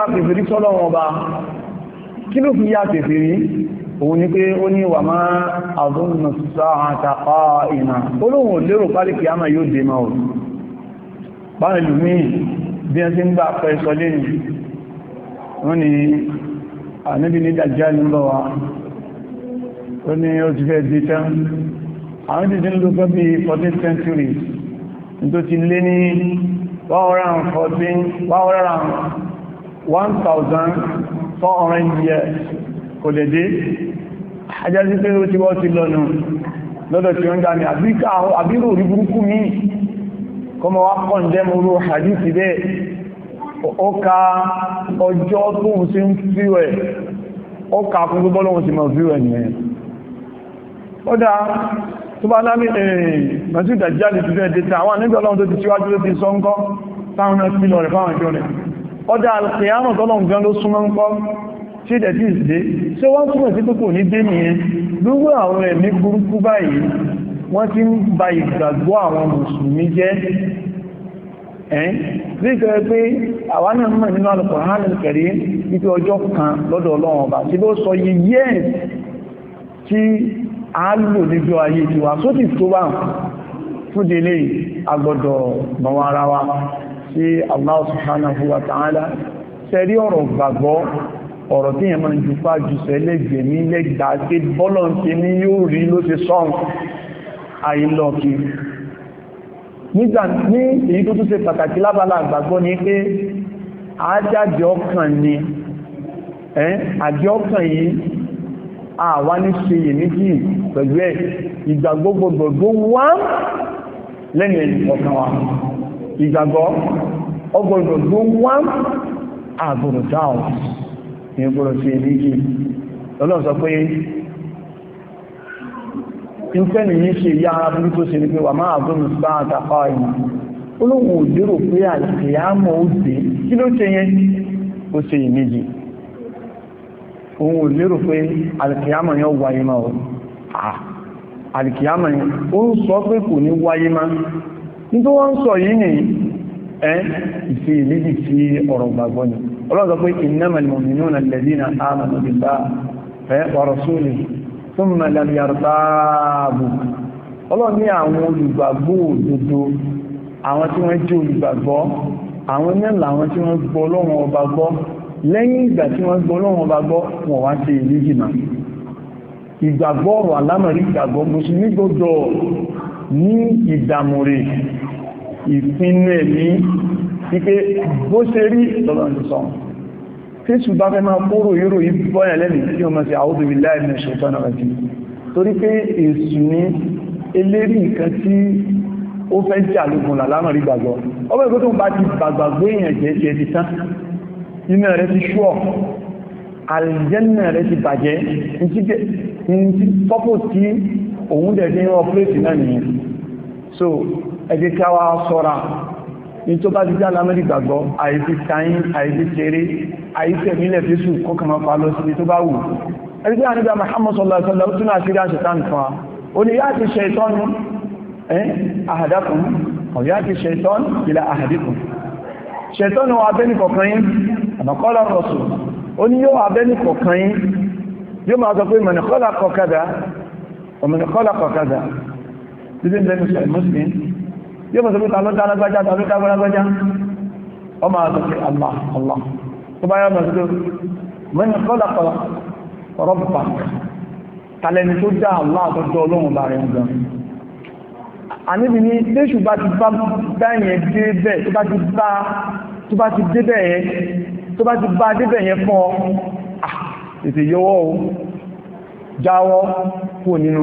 ya kèfèrí sọ́lọ́wọ́ ọba kí ló fi ya kèfèrí òun ni pé ó ní wà máa àdúnnà sáàtà ìmà olóhun lérò pálí kìí àmà yóò dé máa báyìí lùmí bí ẹn tí ń gbà pẹ́ sọ lẹ́nu wọ́n ni àníbi ní dàjá ní lọ wa ó ní ó ti fẹ́ dé tán àwọn ti dín lókọ́ bí 14th century tó ti lé ní 114 1,400 years kò lè dé ajá sí pé ó ti wọ́n ti lọ́nà lọ́dọ̀ tí ó ń dá ní àbírò orí burúkú ní kọmọ wá pọ̀ jẹ́ morú hadith bẹ́ ó ka ọjọ́ tó ń sí ń fíwẹ̀ ó ka fún gbogbo lọ́wọ́ sí mọ̀ fíwẹ̀ nìyẹn ó dá tó bá lámì ẹ̀rìn ọjọ́ alkiyama tọ́lọ̀n gan ló súnmọ́ ń pọ́ tí ìdẹ̀ tí ìsìdé tí wọ́n túnmọ̀ sí púpọ̀ ní dé nìyẹn lúgbò àwọn ẹ̀mí burúkú báyìí wọ́n ti ń ba ìgbàgbọ́ àwọn mùsùlùmí jẹ́ ẹ̀yìn bí ìfẹ́ pé àwọn náà mọ̀ nínú Al-Qur'an Al-Karim wípé ọjọ́ kan lọ́dọ̀ Ọlọ́run ọba tí fún délé àgbọ̀dọ̀ bàwọn ara wa sí Allah subhanahu wa ta'ala sẹ́rí ọ̀rọ̀ gbàgbọ́ ọ̀rọ̀ tí yẹn máa ń ju fájú sẹ́lẹ̀gbẹ̀ ní lẹ́gbà pé bọ́lọ̀ ti ní yóò rí ló ti sọ́n àìlọ́kì nígbà ní èyí tó tún ṣe pàtàkì lábala àgbàgbọ́ ni pé àájáde ọkàn ni àjọ ọkàn yìí àwa ní ṣe yèméjì pẹ̀lú ẹ̀ ìgbàgbógbògbògbò ìgbàgbọ́ ọgbọ̀nà ló wá àgbọ̀nà dáọ̀ ní ọgbọ̀nà sí ẹ̀lẹ́gì ọlọ́run sọ pé ìfẹ́ni yìí ṣe yá abúrú tó ṣe ní pé wà máa àgbọ̀nà bá àtàkọ́ ìmọ̀ olóhun ò pé àìsìyàmọ̀ ó dé kí ló ṣe yẹn ó ṣe ìmẹ́jì òun ò pé àìsìyàmọ̀ yẹn nítorí wọ́n ń sọ yìí ni ẹ́ ìfi ìlébì sí ọ̀rọ̀ gbàgbọ́ ni ọlọ́dọ̀ pé innamal mu'minuna alladhina amanu billahi wa rasulihi thumma lam yartabu ọlọ́run ní àwọn olùgbàgbọ́ òdodo àwọn tí wọ́n jẹ́ olùgbàgbọ́ àwọn náà làwọn tí wọ́n gbọ́ Ọlọ́run ọba gbọ́ lẹ́yìn ìgbà tí wọ́n gbọ́ Ọlọ́run ọba gbọ́ wọ́n wá ṣe ìlú jìnà ìgbàgbọ́ ọ̀rọ̀ alámọ̀rí ìgbàgbọ́ mùsùlùmí gbọ́dọ̀ ní ìdàmúrí ìpinnu ẹ̀mí wípé bó ṣe rí lọ́lọ́nìsọ́n tí ṣùgbá fẹ́ máa kóró ìrò ìbọ́yà lẹ́nì tí ó máa ṣe a'udhu billahi minash shaitani rajim torí pé èṣù ní eléri nǹkan tí ó fẹ́ jà lógun làlámà rí gbàgbọ́ ọmọ ìgbó tó ń bá ti gbàgbàgbé èèyàn jẹ́ ti ẹti tán iná rẹ̀ ti ṣúọ̀ àlìjẹ́nà rẹ̀ ti bàjẹ́ ní tí pọ́pọ̀ tí òun dẹ̀ fi ń rọ pléètì náà nìyẹn so ẹjẹ́ kí a wá sọ́ra ní tó bá jíjá lámẹ́rì gbàgbọ́ àìsí sáyín àìsí ṣeré àìsí ẹ̀mílẹ̀ fésù kọkànmọ́ pa lọ sí tó bá wù ẹgbẹ́ àníbà Muhammad sallallahu alaihi wasallam tún àṣírí àṣetán kan ó ní yáà ti ṣe ìtọ́nu ahadakum ọ̀ yáà ti ṣe ìtọ́nu ila ahadikum ṣẹ̀tọ́nù abẹ́ni kọ̀kan yí àmàkọ́lá rọ̀sù ó ní yóò abẹ́ni kọ̀kan yí yóò máa sọ pé mọ̀nìkọ́lá kọ̀kadà títí ń bẹnu sọ ìmọ́sílẹ̀ yóò mọ̀ sọ pé ta ló dára gbájá ta allah allah tó bá yọ́ mọ̀ sí pé mọ́ni dá allah àtọ́jọ́ ọlọ́run bá rẹ̀ ń gan àníbi ní léṣù bá ti bá báyẹn débẹ̀ tó bá ti bá tó bá ti débẹ̀ yẹn tó bá ti bá débẹ̀ yẹn fún ọ ah, ètè yọwọ́ o jáwọ́ kúrò nínú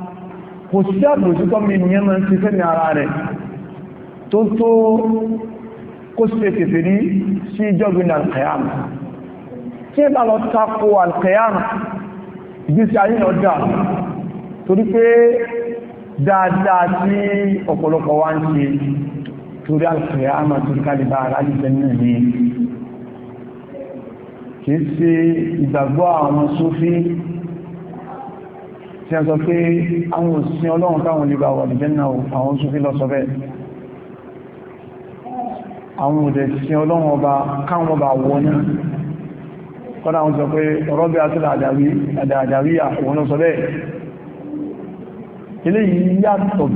kò sí àbòsítọ́ mi nìyẹn máa ń ti fẹ́ ní ara rẹ̀ tó tó kó sí ẹ̀kẹ̀fẹ̀ ní sí ìjọ́gbìn alkayam tí ẹ bá lọ tako alkayam ìgbésí ayé lọ dà torí pé dáadáa tí ọ̀pọ̀lọpọ̀ wá ń ṣe torí alkayam torí kálíbà alìjẹ́ náà ní kìí sí ìgbàgbọ́ àwọn sófí tí a sọ pé àwọn òsìn ọlọ́run táwọn olè bá wà ní jẹ́nà àwọn oṣù fi lọ sọ bẹ́ẹ̀ àwọn òdẹ̀ sí ọlọ́run ọba káwọn ọba wọ náà kọ́nà àwọn sọ pé ọ̀rọ̀ bí atúlẹ̀ àdàrí àwọn lọ sọ bẹ́ẹ̀ ilé yìí yàtọ̀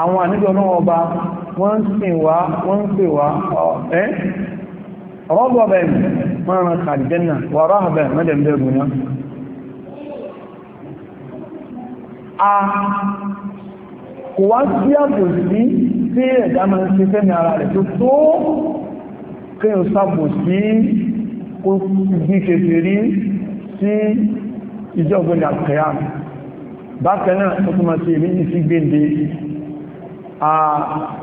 àwọn àníjọ ọlọ́wọ́ ọba wọ́n ń sìn wá wọ́n ń pè wá ẹ́ ọ̀rọ̀bọ̀ ọba ẹ̀mù kàdìjẹ́nà wà ráhàbẹ̀ mẹ́dẹ̀mẹ́rù náà a kò wá sí àpò sí tí ẹ̀dá máa ń ṣe fẹ́mi ara rẹ̀ tó tó kéyàn sápò sí kó bí kèfè sí ìjọ ọgbẹ̀dà kẹyà bákanáà ó túnmọ̀ sí ìrísí gbéǹde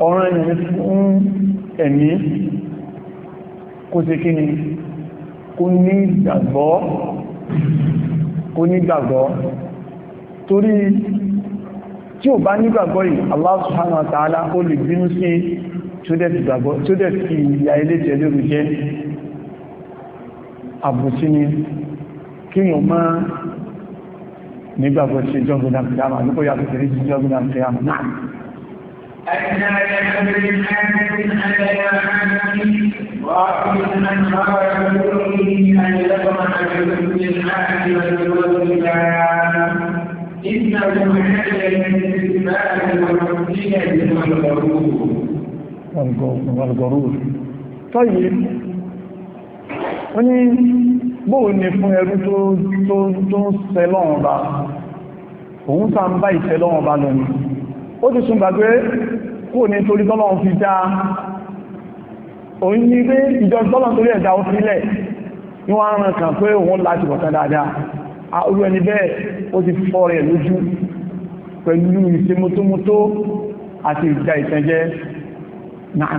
ọ̀rọ̀ ẹ̀yìn fún ẹ̀mí kó ṣe kí ni kó ní ìgbàgbọ́ kó ní ìgbàgbọ́ torí tí ò bá nígbàgbọ́ yìí Allah subhanahu wa ta'ala ó lè bínú sí tí ó dẹ̀ fi ìyà ilé jẹ́ lórí jẹ́ àbùsí ni kíyàn máa nígbàgbọ́ sí jọ́gbọ́n àti àmà nígbàgbọ́ sí jọ́gbọ́n àti àmà náà أنا يحمل الحامل على عامل وأعطي من خرج بروحه أن يطمع بحكم الحامل والرسول إنه حل الاستثمار والمسلمة والغرور والغرور طيب wọ́n ní bóò ní fún ẹrú tó ń sẹ́lọ́wọ́n bá òun sáà ń bá ìsẹ́lọ́wọ́n bá lọ́nà ó ti sùn gbàgbé kò ní torí tọ́lọ́run fi dá òun ní pé ìjọ tọ́lọ́run torí ẹ̀dá ó sílẹ̀ ní wọ́n rán kàn pé òun láti bọ̀tán dáadáa olú ẹni bẹ́ẹ̀ ó ti fọ́ rẹ̀ lójú pẹ̀lú ìṣe mótómótó àti ìjà ìtẹ́jẹ́ náà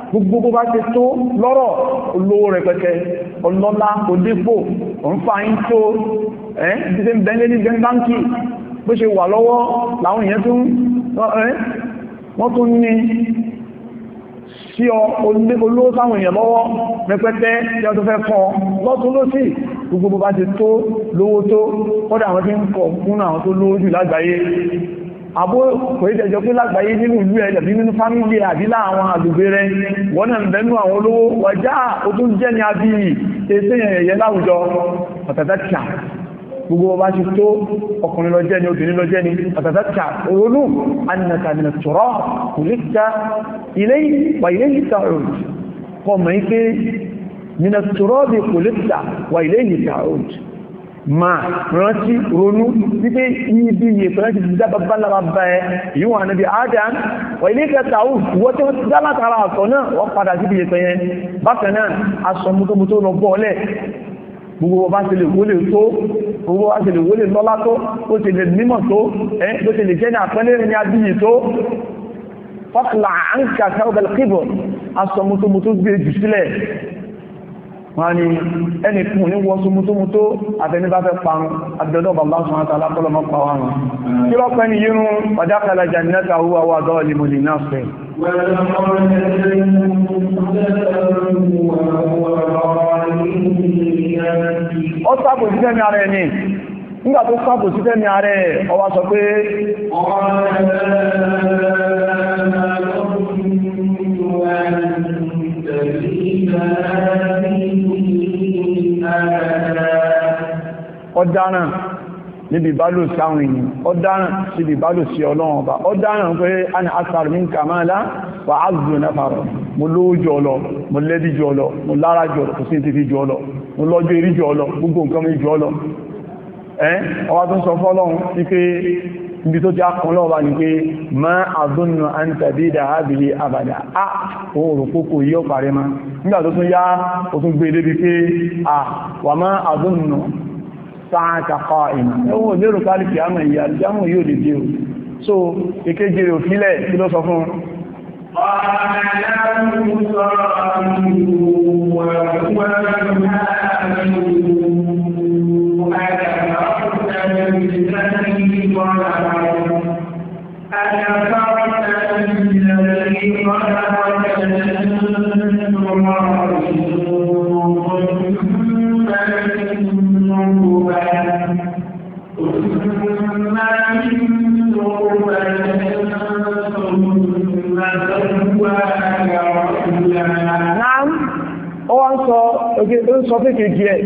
gbogbo bó bá ti tó lọ́rọ̀ olówó rẹpẹtẹ ọlọ́lá òdépò òǹfààyín tó ẹ́ ṣe ń bẹ́lẹ́ ní bẹ́ńbáńkì bó ṣe wà lọ́wọ́ láwọn èèyàn tún wọ́n tún ní sí ọ olówó sáwọn èèyàn lọ́wọ́ rẹpẹtẹ tí ọ tó fẹ́ fún ọ lọ́tún ló sì gbogbo bó bá ti tó lówó tó kọ́dà àwọn tí ń pọ̀ fún àwọn tó lówó jù lágbàáyé àbó kòíjẹjọ pé lágbàáyé nínú ìlú ẹ̀ tàbí nínú fámílì àbí láàwọn àgbègbè rẹ̀ wọ́n náà bẹ̀nu àwọn olówó wàjá ó tún jẹ́ ní àbí èsẹ́ ẹ̀yẹ láwùjọ ọ̀tàtàkà gbogbo ọba ṣe tó ọkùnrin lọ jẹ́ ni obìnrin lọ ni ọ̀tàtàkà olónú anìyànkàmìnà kò lè ta ilé wà ilé ìta òòrùn kọmọ̀ ike mìnà tọ̀rọ̀ bí kò lè ta wà ilé ìta òòrùn ma rántí ronú wípé ibi ìyẹ̀pẹ̀ ti dábà bálaba bá ẹ yíwọ̀n ànábì adam wà ilé kẹta ó wọ́n tí wọ́n ti dálátara àtọ̀ náà wọ́n padà sí ìyẹ̀pẹ̀ yẹn bákan náà aṣọ mútómútó lọ bọ́ọ̀lẹ̀ gbogbo ọba ti lè wólè tó gbogbo ọba ti lè wólè lọ́lá tó ó ti lè nímọ̀ tó ẹ́ bó ti lè jẹ́ ní àpẹẹlẹ́ ní abíyì tó fọ́kùlà àǹkà sáwọ́bẹ̀lẹ̀ kíbọ̀ aṣọ mútómútó gbé jù sílẹ̀ wọ́n ni ẹni fún ní wọ́n súnmúsúnmú tó àtẹnibá fẹ́ parun àbìdọ́dọ̀ bàbá sùn àtàlá pọ́lọmọ́ kí lọ pẹ́ ni yínú pàdákàlà jannata huwa wà dọ́ mọ̀lì náà fẹ́ ọ sáàpò sí fẹ́mi ara ẹni nígbà tó sí fẹ́mi ara ẹ ọwá sọ pé ọ̀rẹ́ ọ̀daràn níbi ìbálò sáwọn èèyàn ọ̀daràn síbi ìbálò sí ọlọ́run ọba ọ̀daràn pé a ní asàrù ní kàmáàlá wà á zùn náà fàrọ̀ mo lówó jọ lọ mo lẹ́bí jọ lọ mo lára jọ lọ kò sí ti fi jọ lọ mo lọ́jọ́ erí jọ lọ gbogbo nǹkan mi jọ lọ ibi tó ti akùn lọ́wọ́ ni pé ma àdúnnà an tàbí da ábìlì àbàdà a ohun òrùkókò yíò parí ma nígbà tó tún yá o tún gbé e débi pé a wà ma àdúnnà sáàkà kọ́ ìmọ̀ ẹwọ́n lérò káàlì kìámà ìyà jámù yóò lè dé o so ìkéjì rẹ̀ òfílẹ̀ kí sọ pé kejì ẹ̀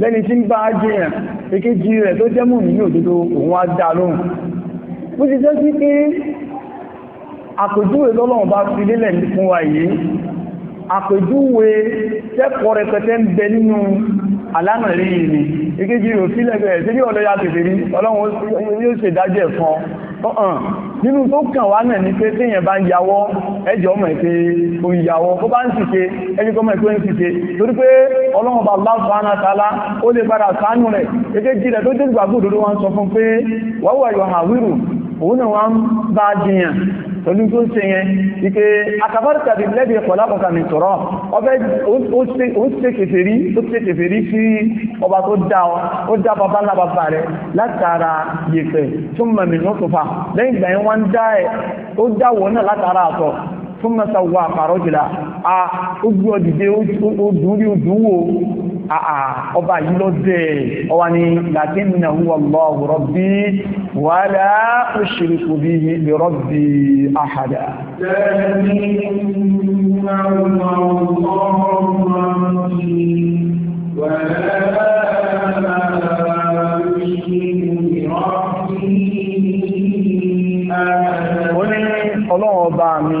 lẹ́ni tí ń bá jẹyàn èkejì rẹ̀ tó jẹ́ mú nínú òdodo òun á dá lóhun bó ti jẹ́ sí pé àpèjúwe lọ́lọ́run bá fi lélẹ̀ fún wa yìí àpèjúwe tẹ́kọ̀ọ́ rẹpẹtẹ ń bẹ nínú àlánà rí ni ìkéjì rò sí lẹ́gbẹ̀ẹ́ tí yóò lọ́yà tètè rí ọlọ́run yóò ṣe dájẹ́ ẹ̀fọn ọ̀hàn nínú tó kàn wá náà ní pé téèyàn bá ń yàwọ́ ẹjọ́ ọmọ ẹ̀pẹ́ oyin yàwọ́ ó bá ń ṣìṣe ẹjọ́ ọmọ ẹ̀pẹ́ ń ṣìṣe torí pé ọlọ́run bá bá sọ́nà tààlá ó lè padà sánú rẹ̀ gẹ́gẹ́ jí rẹ̀ tó dé ìgbàgbọ́ òdodo wọn sọ fún pé wàhùwà yọ̀ hàwírù òun náà wọ́n bá jiyàn pẹ̀lú tó ṣe yẹn ike akàbárì tàbí lẹ́bí ẹ̀kọ́ lápọ̀ta mi tọ̀rọ̀ ọbẹ̀ ó ṣe kèfèrí ó ṣe kèfèrí sí ọba tó dá ọ ó dá bàbá ńlá bàbá rẹ látara yẹ̀fẹ̀ tó mọ̀mí lọ́tọ̀fà lẹ́yìn ìgbà yẹn wọ́n dá ẹ̀ ó dá wọ́n náà látara àtọ̀ súnmọ́ sàwọ́ àpàrọ̀ jìlá a ojú ọdìdé odùnrí odùnwò ọba yìí lọ dẹ̀ ọwá ni lakinna huwa Allahu rabbi wala ushriku bihi li rabbi ahada Ọlọ́run ọba mi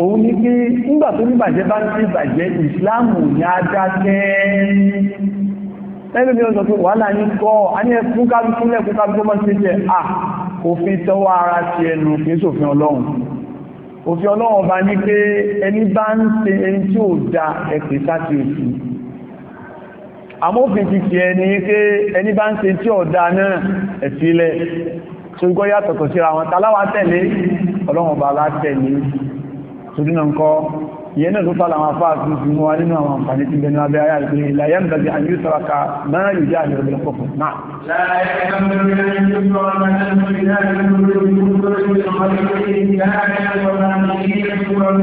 òun ní pé nígbà tó ní bàjẹ́ bá ń sí bàjẹ́ ìsìláàmù ní adákẹ́ ẹgbẹ́ mi ó sọ pé wàhálà ní kọ́ a ní ẹkún kálukú lẹ́kún kálukú mọ́ sí jẹ́ à òfin tọwọ́ ara ti ẹnu kìí sòfin ọlọ́run òfin ọlọ́run bá ní pé ẹni bá ń ṣe ẹni tí ó da ẹ̀pẹ̀ sáti ẹ̀fílẹ̀ ṣùgbọ́n yàtọ̀tọ̀ síra wọn tàláwà tẹ̀lé ọlọ́run bá látẹ̀lé torí náà kọ́ ìyẹn náà ló fà láwọn afá àti ìsinmi wa nínú àwọn àǹfààní tí bẹnu abẹ́ ayá ìpé ìlàyẹ́ ń bẹ̀bẹ̀ àyíkú sọ́rọ̀ka náà yìí jẹ́ àyẹ̀rẹ̀ bẹ̀rẹ̀ pọ̀pọ̀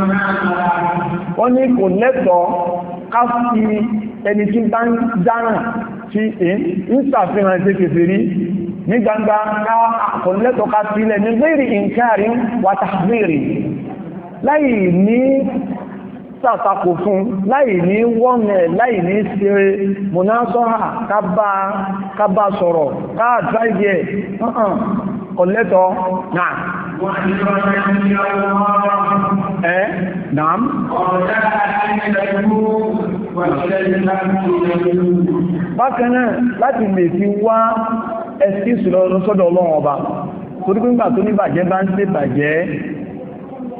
náà wọ́n ní kò lẹ́tọ̀ọ́ ká fi ẹni tí bá ń dáràn tí ń sàfihàn ṣe kèfèrí ní gbangba ká àkọ̀lẹ́tọ̀ọ́ sílẹ̀ ní gbèrè ìǹkárí wàtàbèrè láì ní sàtakò fún láì ní wọ́nẹ̀ láì ní sere, mọ̀násọ́hà kábà sọ̀rọ̀ káàtà ìyẹ̀ ọ̀lẹ́tọ̀ náà ẹ́ náà bákanáà láti lè fi wá ẹ̀sí ìsìlọ́rọ̀ sọ́dọ̀ ọlọ́run ọba torípé nígbà tó ní bàjẹ́ bá ń ṣe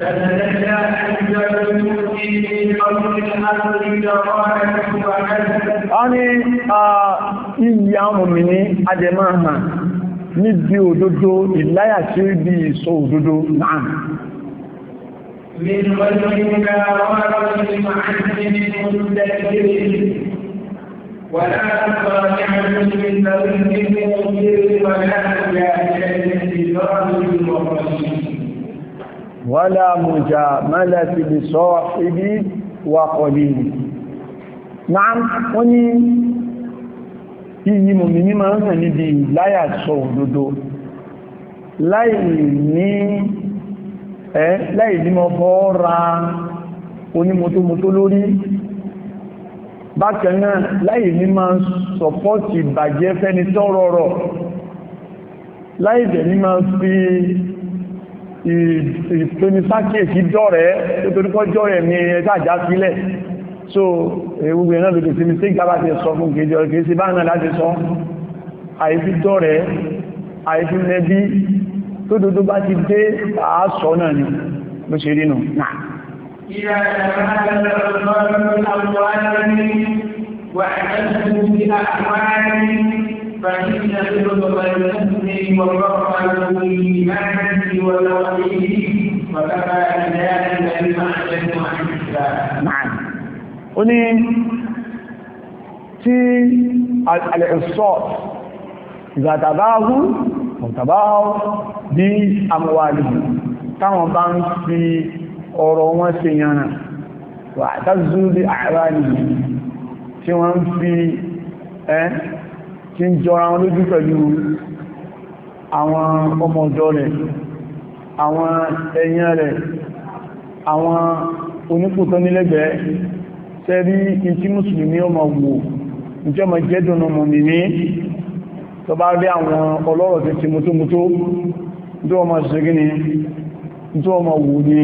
تتنزع حجة المؤمن من قول الأمر جرائم وعزم Ani ìyá ọmọ ní hàn níbi òdodo ìláyà tí ó bí ìsọ òdodo náà. wọ́n rọ̀ wala mujamalati bi sahibi wa qalili náà wọ́n ní ìyí mùmí ní máa ń hàn níbi láyà sọ òdodo láì ní ẹ́ láì ní mọ́ fọ́ ra onímọ́tómọ́tó lórí bákan náà láì ní máa ń sọpọ́tì bàjẹ́ fẹ́ni tọ́rọrọ̀ láì ìpenisákèsí dọ́rẹ̀ nítorípọ́ jọ́rẹ̀ mi so gbogbo ẹ̀nà lòdò sí mi tí gbábá ti sọ fún kejì ọ̀rẹ́ kìí sí bá náà láti sọ àìfí dọ́rẹ̀ àìfí mẹ́bí tó bá ti dé àásọ náà ni bó ṣe rí nù náà وأعلموا فإن الرب يسمي ويرفع بالإيمان وتوحيده وكفى بذلك بمعجز عن الإسلام. نعم. tí al'isọ́t ìgbàtàbáhù ọ̀tàbáhù bí àmúwàlì táwọn bá ń fi ọ̀rọ̀ wọn ṣe yànà wà tàbí zúrí àárá nìyàn tí wọ́n ń fi ẹ́ tí ń jọra wọn lójú pẹ̀lú àwọn ọmọ ọ̀dọ́ rẹ̀ àwọn ẹ̀yìn rẹ̀ àwọn onípòtọ́ nílẹ́gbẹ̀ẹ́ tẹ́rí ìtí mùsùlùmí ọmọ wò ìjọmọ̀ jẹ́dùnà mọ̀mí ní tó bá rí àwọn ọlọ́rọ̀ tí ti mútómútó tó ọmọ ṣírí ni tó ọmọ wò ní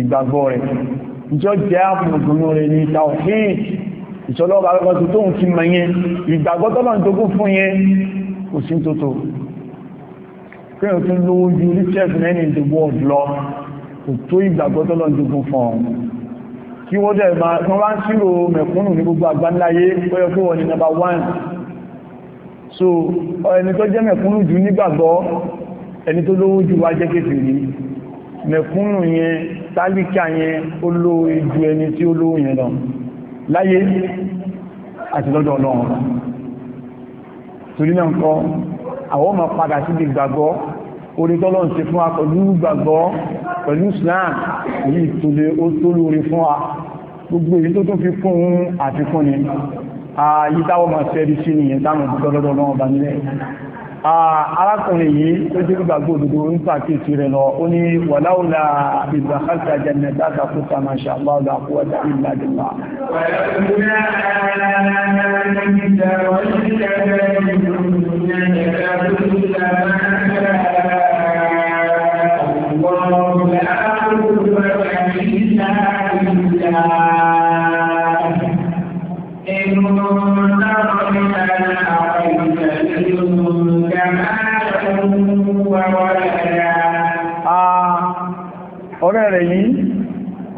ìgbàgbọ́ rẹ̀ ìjọ jẹ́ àpùnmùsùlùmí rẹ̀ ní tàwíìtì ìṣọ́lọ́wọ́ akẹ́kọ̀ọ́ tó tóun ti mọ yẹn ìgbàgbọ́ tọ́lọ́run tó kún fún yẹn kò sí tó tó kéèyàn tún lówó ju richard many in the world lọ kò tó ìgbàgbọ́ tọ́lọ́run tó kún fún ọ kí wọ́n dẹ̀ máa wọ́n wá ń ṣírò mẹ̀kúnnù ní gbogbo àgbáńláyé pẹ́yọ pé wọ́n ni number one so ẹni tó jẹ́ mẹ̀kúnnù jù nígbàgbọ́ ẹni tó lówó jù wá jẹ́ kéfèrè mẹ̀kúnnù yẹn tálíkà yẹn ó láyé àti lọ́dọ̀ ọlọ́run torí náà kọ́ àwọn ọmọ padà sí ìgbàgbọ́ orí tọ́lọ́n ṣe fún wa pẹ̀lú ìgbàgbọ́ pẹ̀lú Islam èyí ìtòlé ó tó lórí fún wa gbogbo èyí tó tó fi fún un àti fún ni ààyí táwọn ma fẹ́ rí sí Ah, arákùnrin yìí tó jẹ́ gbàgbọ́ òdòdó ń pàkíyèsí rẹ̀ lọ ó ní wàláwùlá ìgbàkátà jẹ́nẹ̀dá kàkúta Thank you.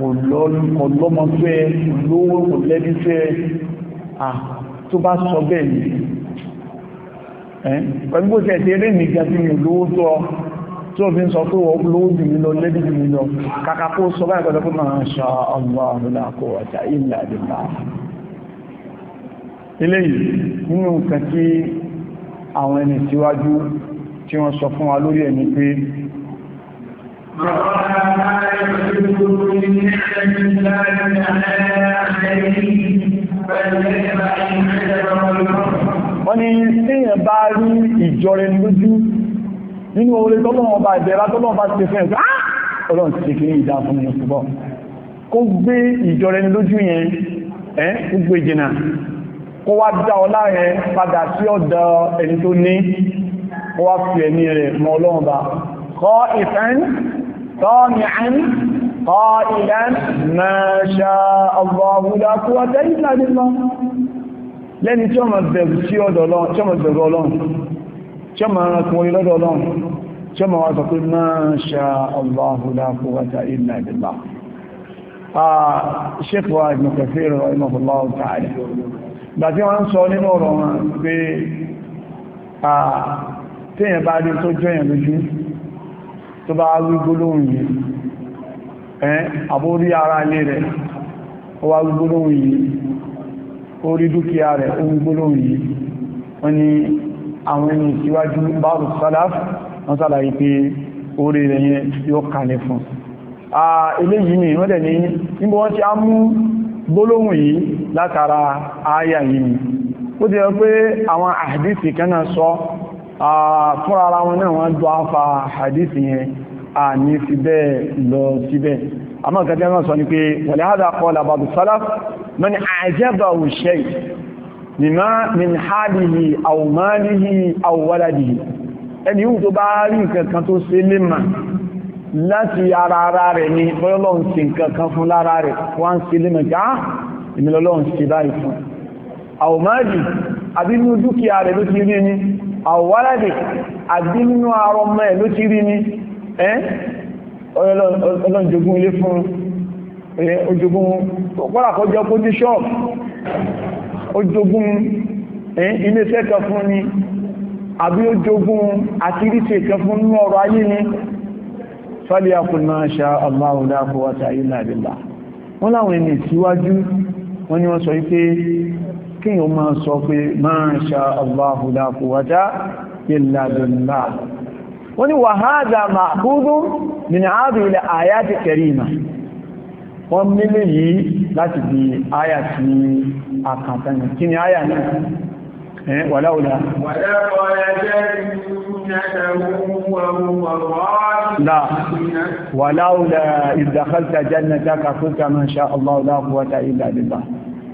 kò lọ́lùkọ̀ lọ́mọ fẹ́ lówó kò lẹ́bí fẹ́ à tó bá sọ bẹ́ẹ̀ ni pẹ̀lú bó tẹ̀ tẹ́ lẹ́nì gẹ́gẹ́ mi lówó tó ọ tí ó fi ń sọ pé wọ́n lówó jù mí lọ lẹ́bí jù mí lọ kàkà kó sọ báyìí pẹ̀lú pé máa ṣà ọmọ àrùnà kó ọ̀tà ilẹ̀ àdìbà eléyìí nínú nǹkan tí àwọn فقال ما يحدث من نعمة الله wọ́n ni tíyàn bá rí ìjọrẹ lójú nínú orí tọ́lọ́wọ́n bá ìbẹ̀rẹ̀ tọ́lọ́wọ́n bá ti fẹ́ ẹ̀kọ́ ah! ọlọ́run ti kìí ìdá fún mi ṣùgbọ́ kó gbé ìjọrẹ lójú yẹn ẹ́ gbogbo ìjìnà kó wá dá ọlá yẹn padà sí ọ̀dọ̀ ẹni tó ní kó wá fi ẹ̀mí rẹ̀ mọ́ ọlọ́run bá kọ́ ìfẹ́ طامعا قائلا ما شاء الله لا قوة إلا بالله lẹ́ni tí ó máa bẹ̀rù sí ọ̀dọ̀ ọlọ́run tí ó máa bẹ̀rù ọlọ́run tí ó máa rán kún orí lọ́dọ̀ ọlọ́run tí ó máa wá sọ pé ma sha Allahu la quwwata illa billah Sheikh Ibn Kathir rahimahullahu ta'ala gbàtí wọ́n ń sọ nínú ọ̀rọ̀ wọn pé téèyàn bá rí tó jọyàn lójú tó bá wí gbólóhùn yìí ẹ́n àbórí ara ilé rẹ̀ ó wá wí gbólóhùn yìí ó rí dúkìá rẹ̀ ó wí gbólóhùn yìí wọ́n ni àwọn ẹni ìsíwájú báàrù sálàf wọ́n sálàyé pé orí rẹ̀ yẹn yóò kalẹ̀ fún eléyìí ni wọ́n dẹ̀ ní níbo wọ́n ti á mú gbólóhùn yìí látara ááyà yìí ni ó fúnra ara wọn náà wọ́n dọ́ afa hadith yẹn a ní fi bẹ́ẹ̀ lọ síbẹ̀ àmọ́ ìkàtí ẹ̀mọ́ sọ ni pé wọ̀lẹ̀ hádà qala ba'du salaf man a'jabahu shay' min halihi aw malihi aw waladihi ẹni yíò tó bá rí nǹkankan tó ṣe lè mà láti ara ara rẹ̀ ni bọ́lọ́lọ́n àwọ́ládì àbí nínú ara ọmọ ẹ̀ ló ti rí ní ẹ́ ọlọ́njogún ilé fún ojogun pọ́làkọ́jọ́ pójú ṣọ́ọ̀pù ojogun ilé sẹ́kẹ fún ni àbí ojogun àti ríṣẹ́ kẹ fún ní ọrọ̀ ayé ni fẹ́lẹ̀ akùnmọ̀ ṣe àmàrùn láàkọwàta ilẹ̀ àbílà wọ́n láwọn ènìyàn síwájú wọ́n ni wọ́n sọ wípé kíyàn máa sọ pé máa ṣá Allahu la quwwata illa billah wọ́n ni wa hadha ma'khudun min hadhihi al-ayati karima wọ́n mílé yìí láti bí áyà tí àkàtàní kí ni áyà náà ẹ̀ wàláwùlá wàláwùlá idh dakhalta jannataka qulta ma sha Allahu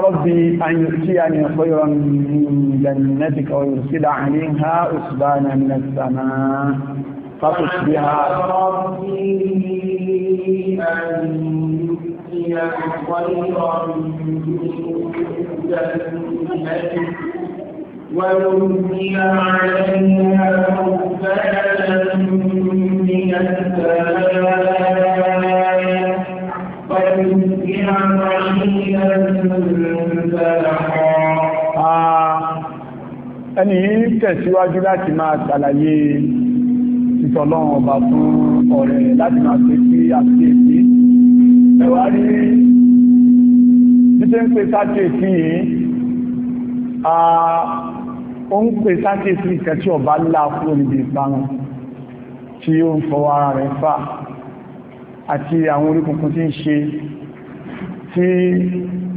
ربي أن يؤتيني خيرا من جنتك ويرسل عليها أسبانا من السماء فتصبح ربي أن يؤتيني خيرا من جنتك ويرسل عليها أسبانا من السماء Ah, ẹni tẹ̀síwájú láti máa ṣàlàyé ìtọ̀lọ́run ọba fún ọ̀rẹ́ láti máa pè sí àkíyèsí ẹwà rí títẹ́ ń pè sákèsí yìí ah, ó ń pè sákèsí ìkẹ́ tí ọba ńlá fún olùdí ìparun tí ó ń fọwọ́ ara rẹ̀ fà àti àwọn orí kùnkùn tí ń ṣe tí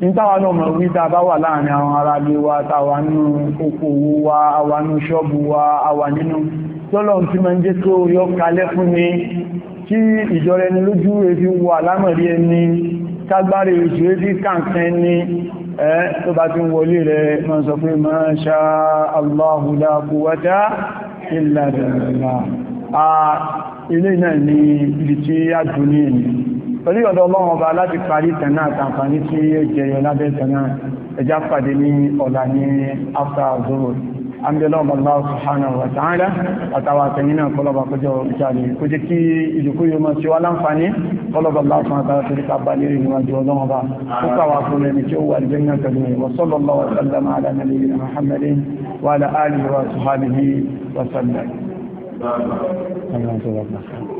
nítawà náà mọ̀ wí tá bá wà láàrin àwọn ará lé wa tàwà nínú oko owó wa àwà nínú ṣọ́bù wa àwà nínú tọ́lọ̀ tí ma ń jẹ́ tó yọ kalẹ̀ fún ni kí ìjọra ẹni lójú efi wọ alámọ̀rí ẹni tágbárí ìṣù efi kàǹkan ni torí ọ̀dọ̀ ọlọ́run ọba láti parí tẹ̀nà àtàǹfààní tí ó jẹyọ lábẹ́ tẹ̀nà ẹjá pàdé ní ọ̀la ní after zoro amdẹ́lọ́mọ̀ Allah subhanahu wa ta'ala àtàwà àtẹ̀yìn náà kọlọ́bà kọjọ ìjàlè kó jẹ́ kí ìdùkú yóò máa ṣe wá láǹfààní kọlọ́bà Allah subhanahu wa ta'ala torí ká bá lérí níwájú ọlọ́run bá ó kàwà fún ẹni tí ó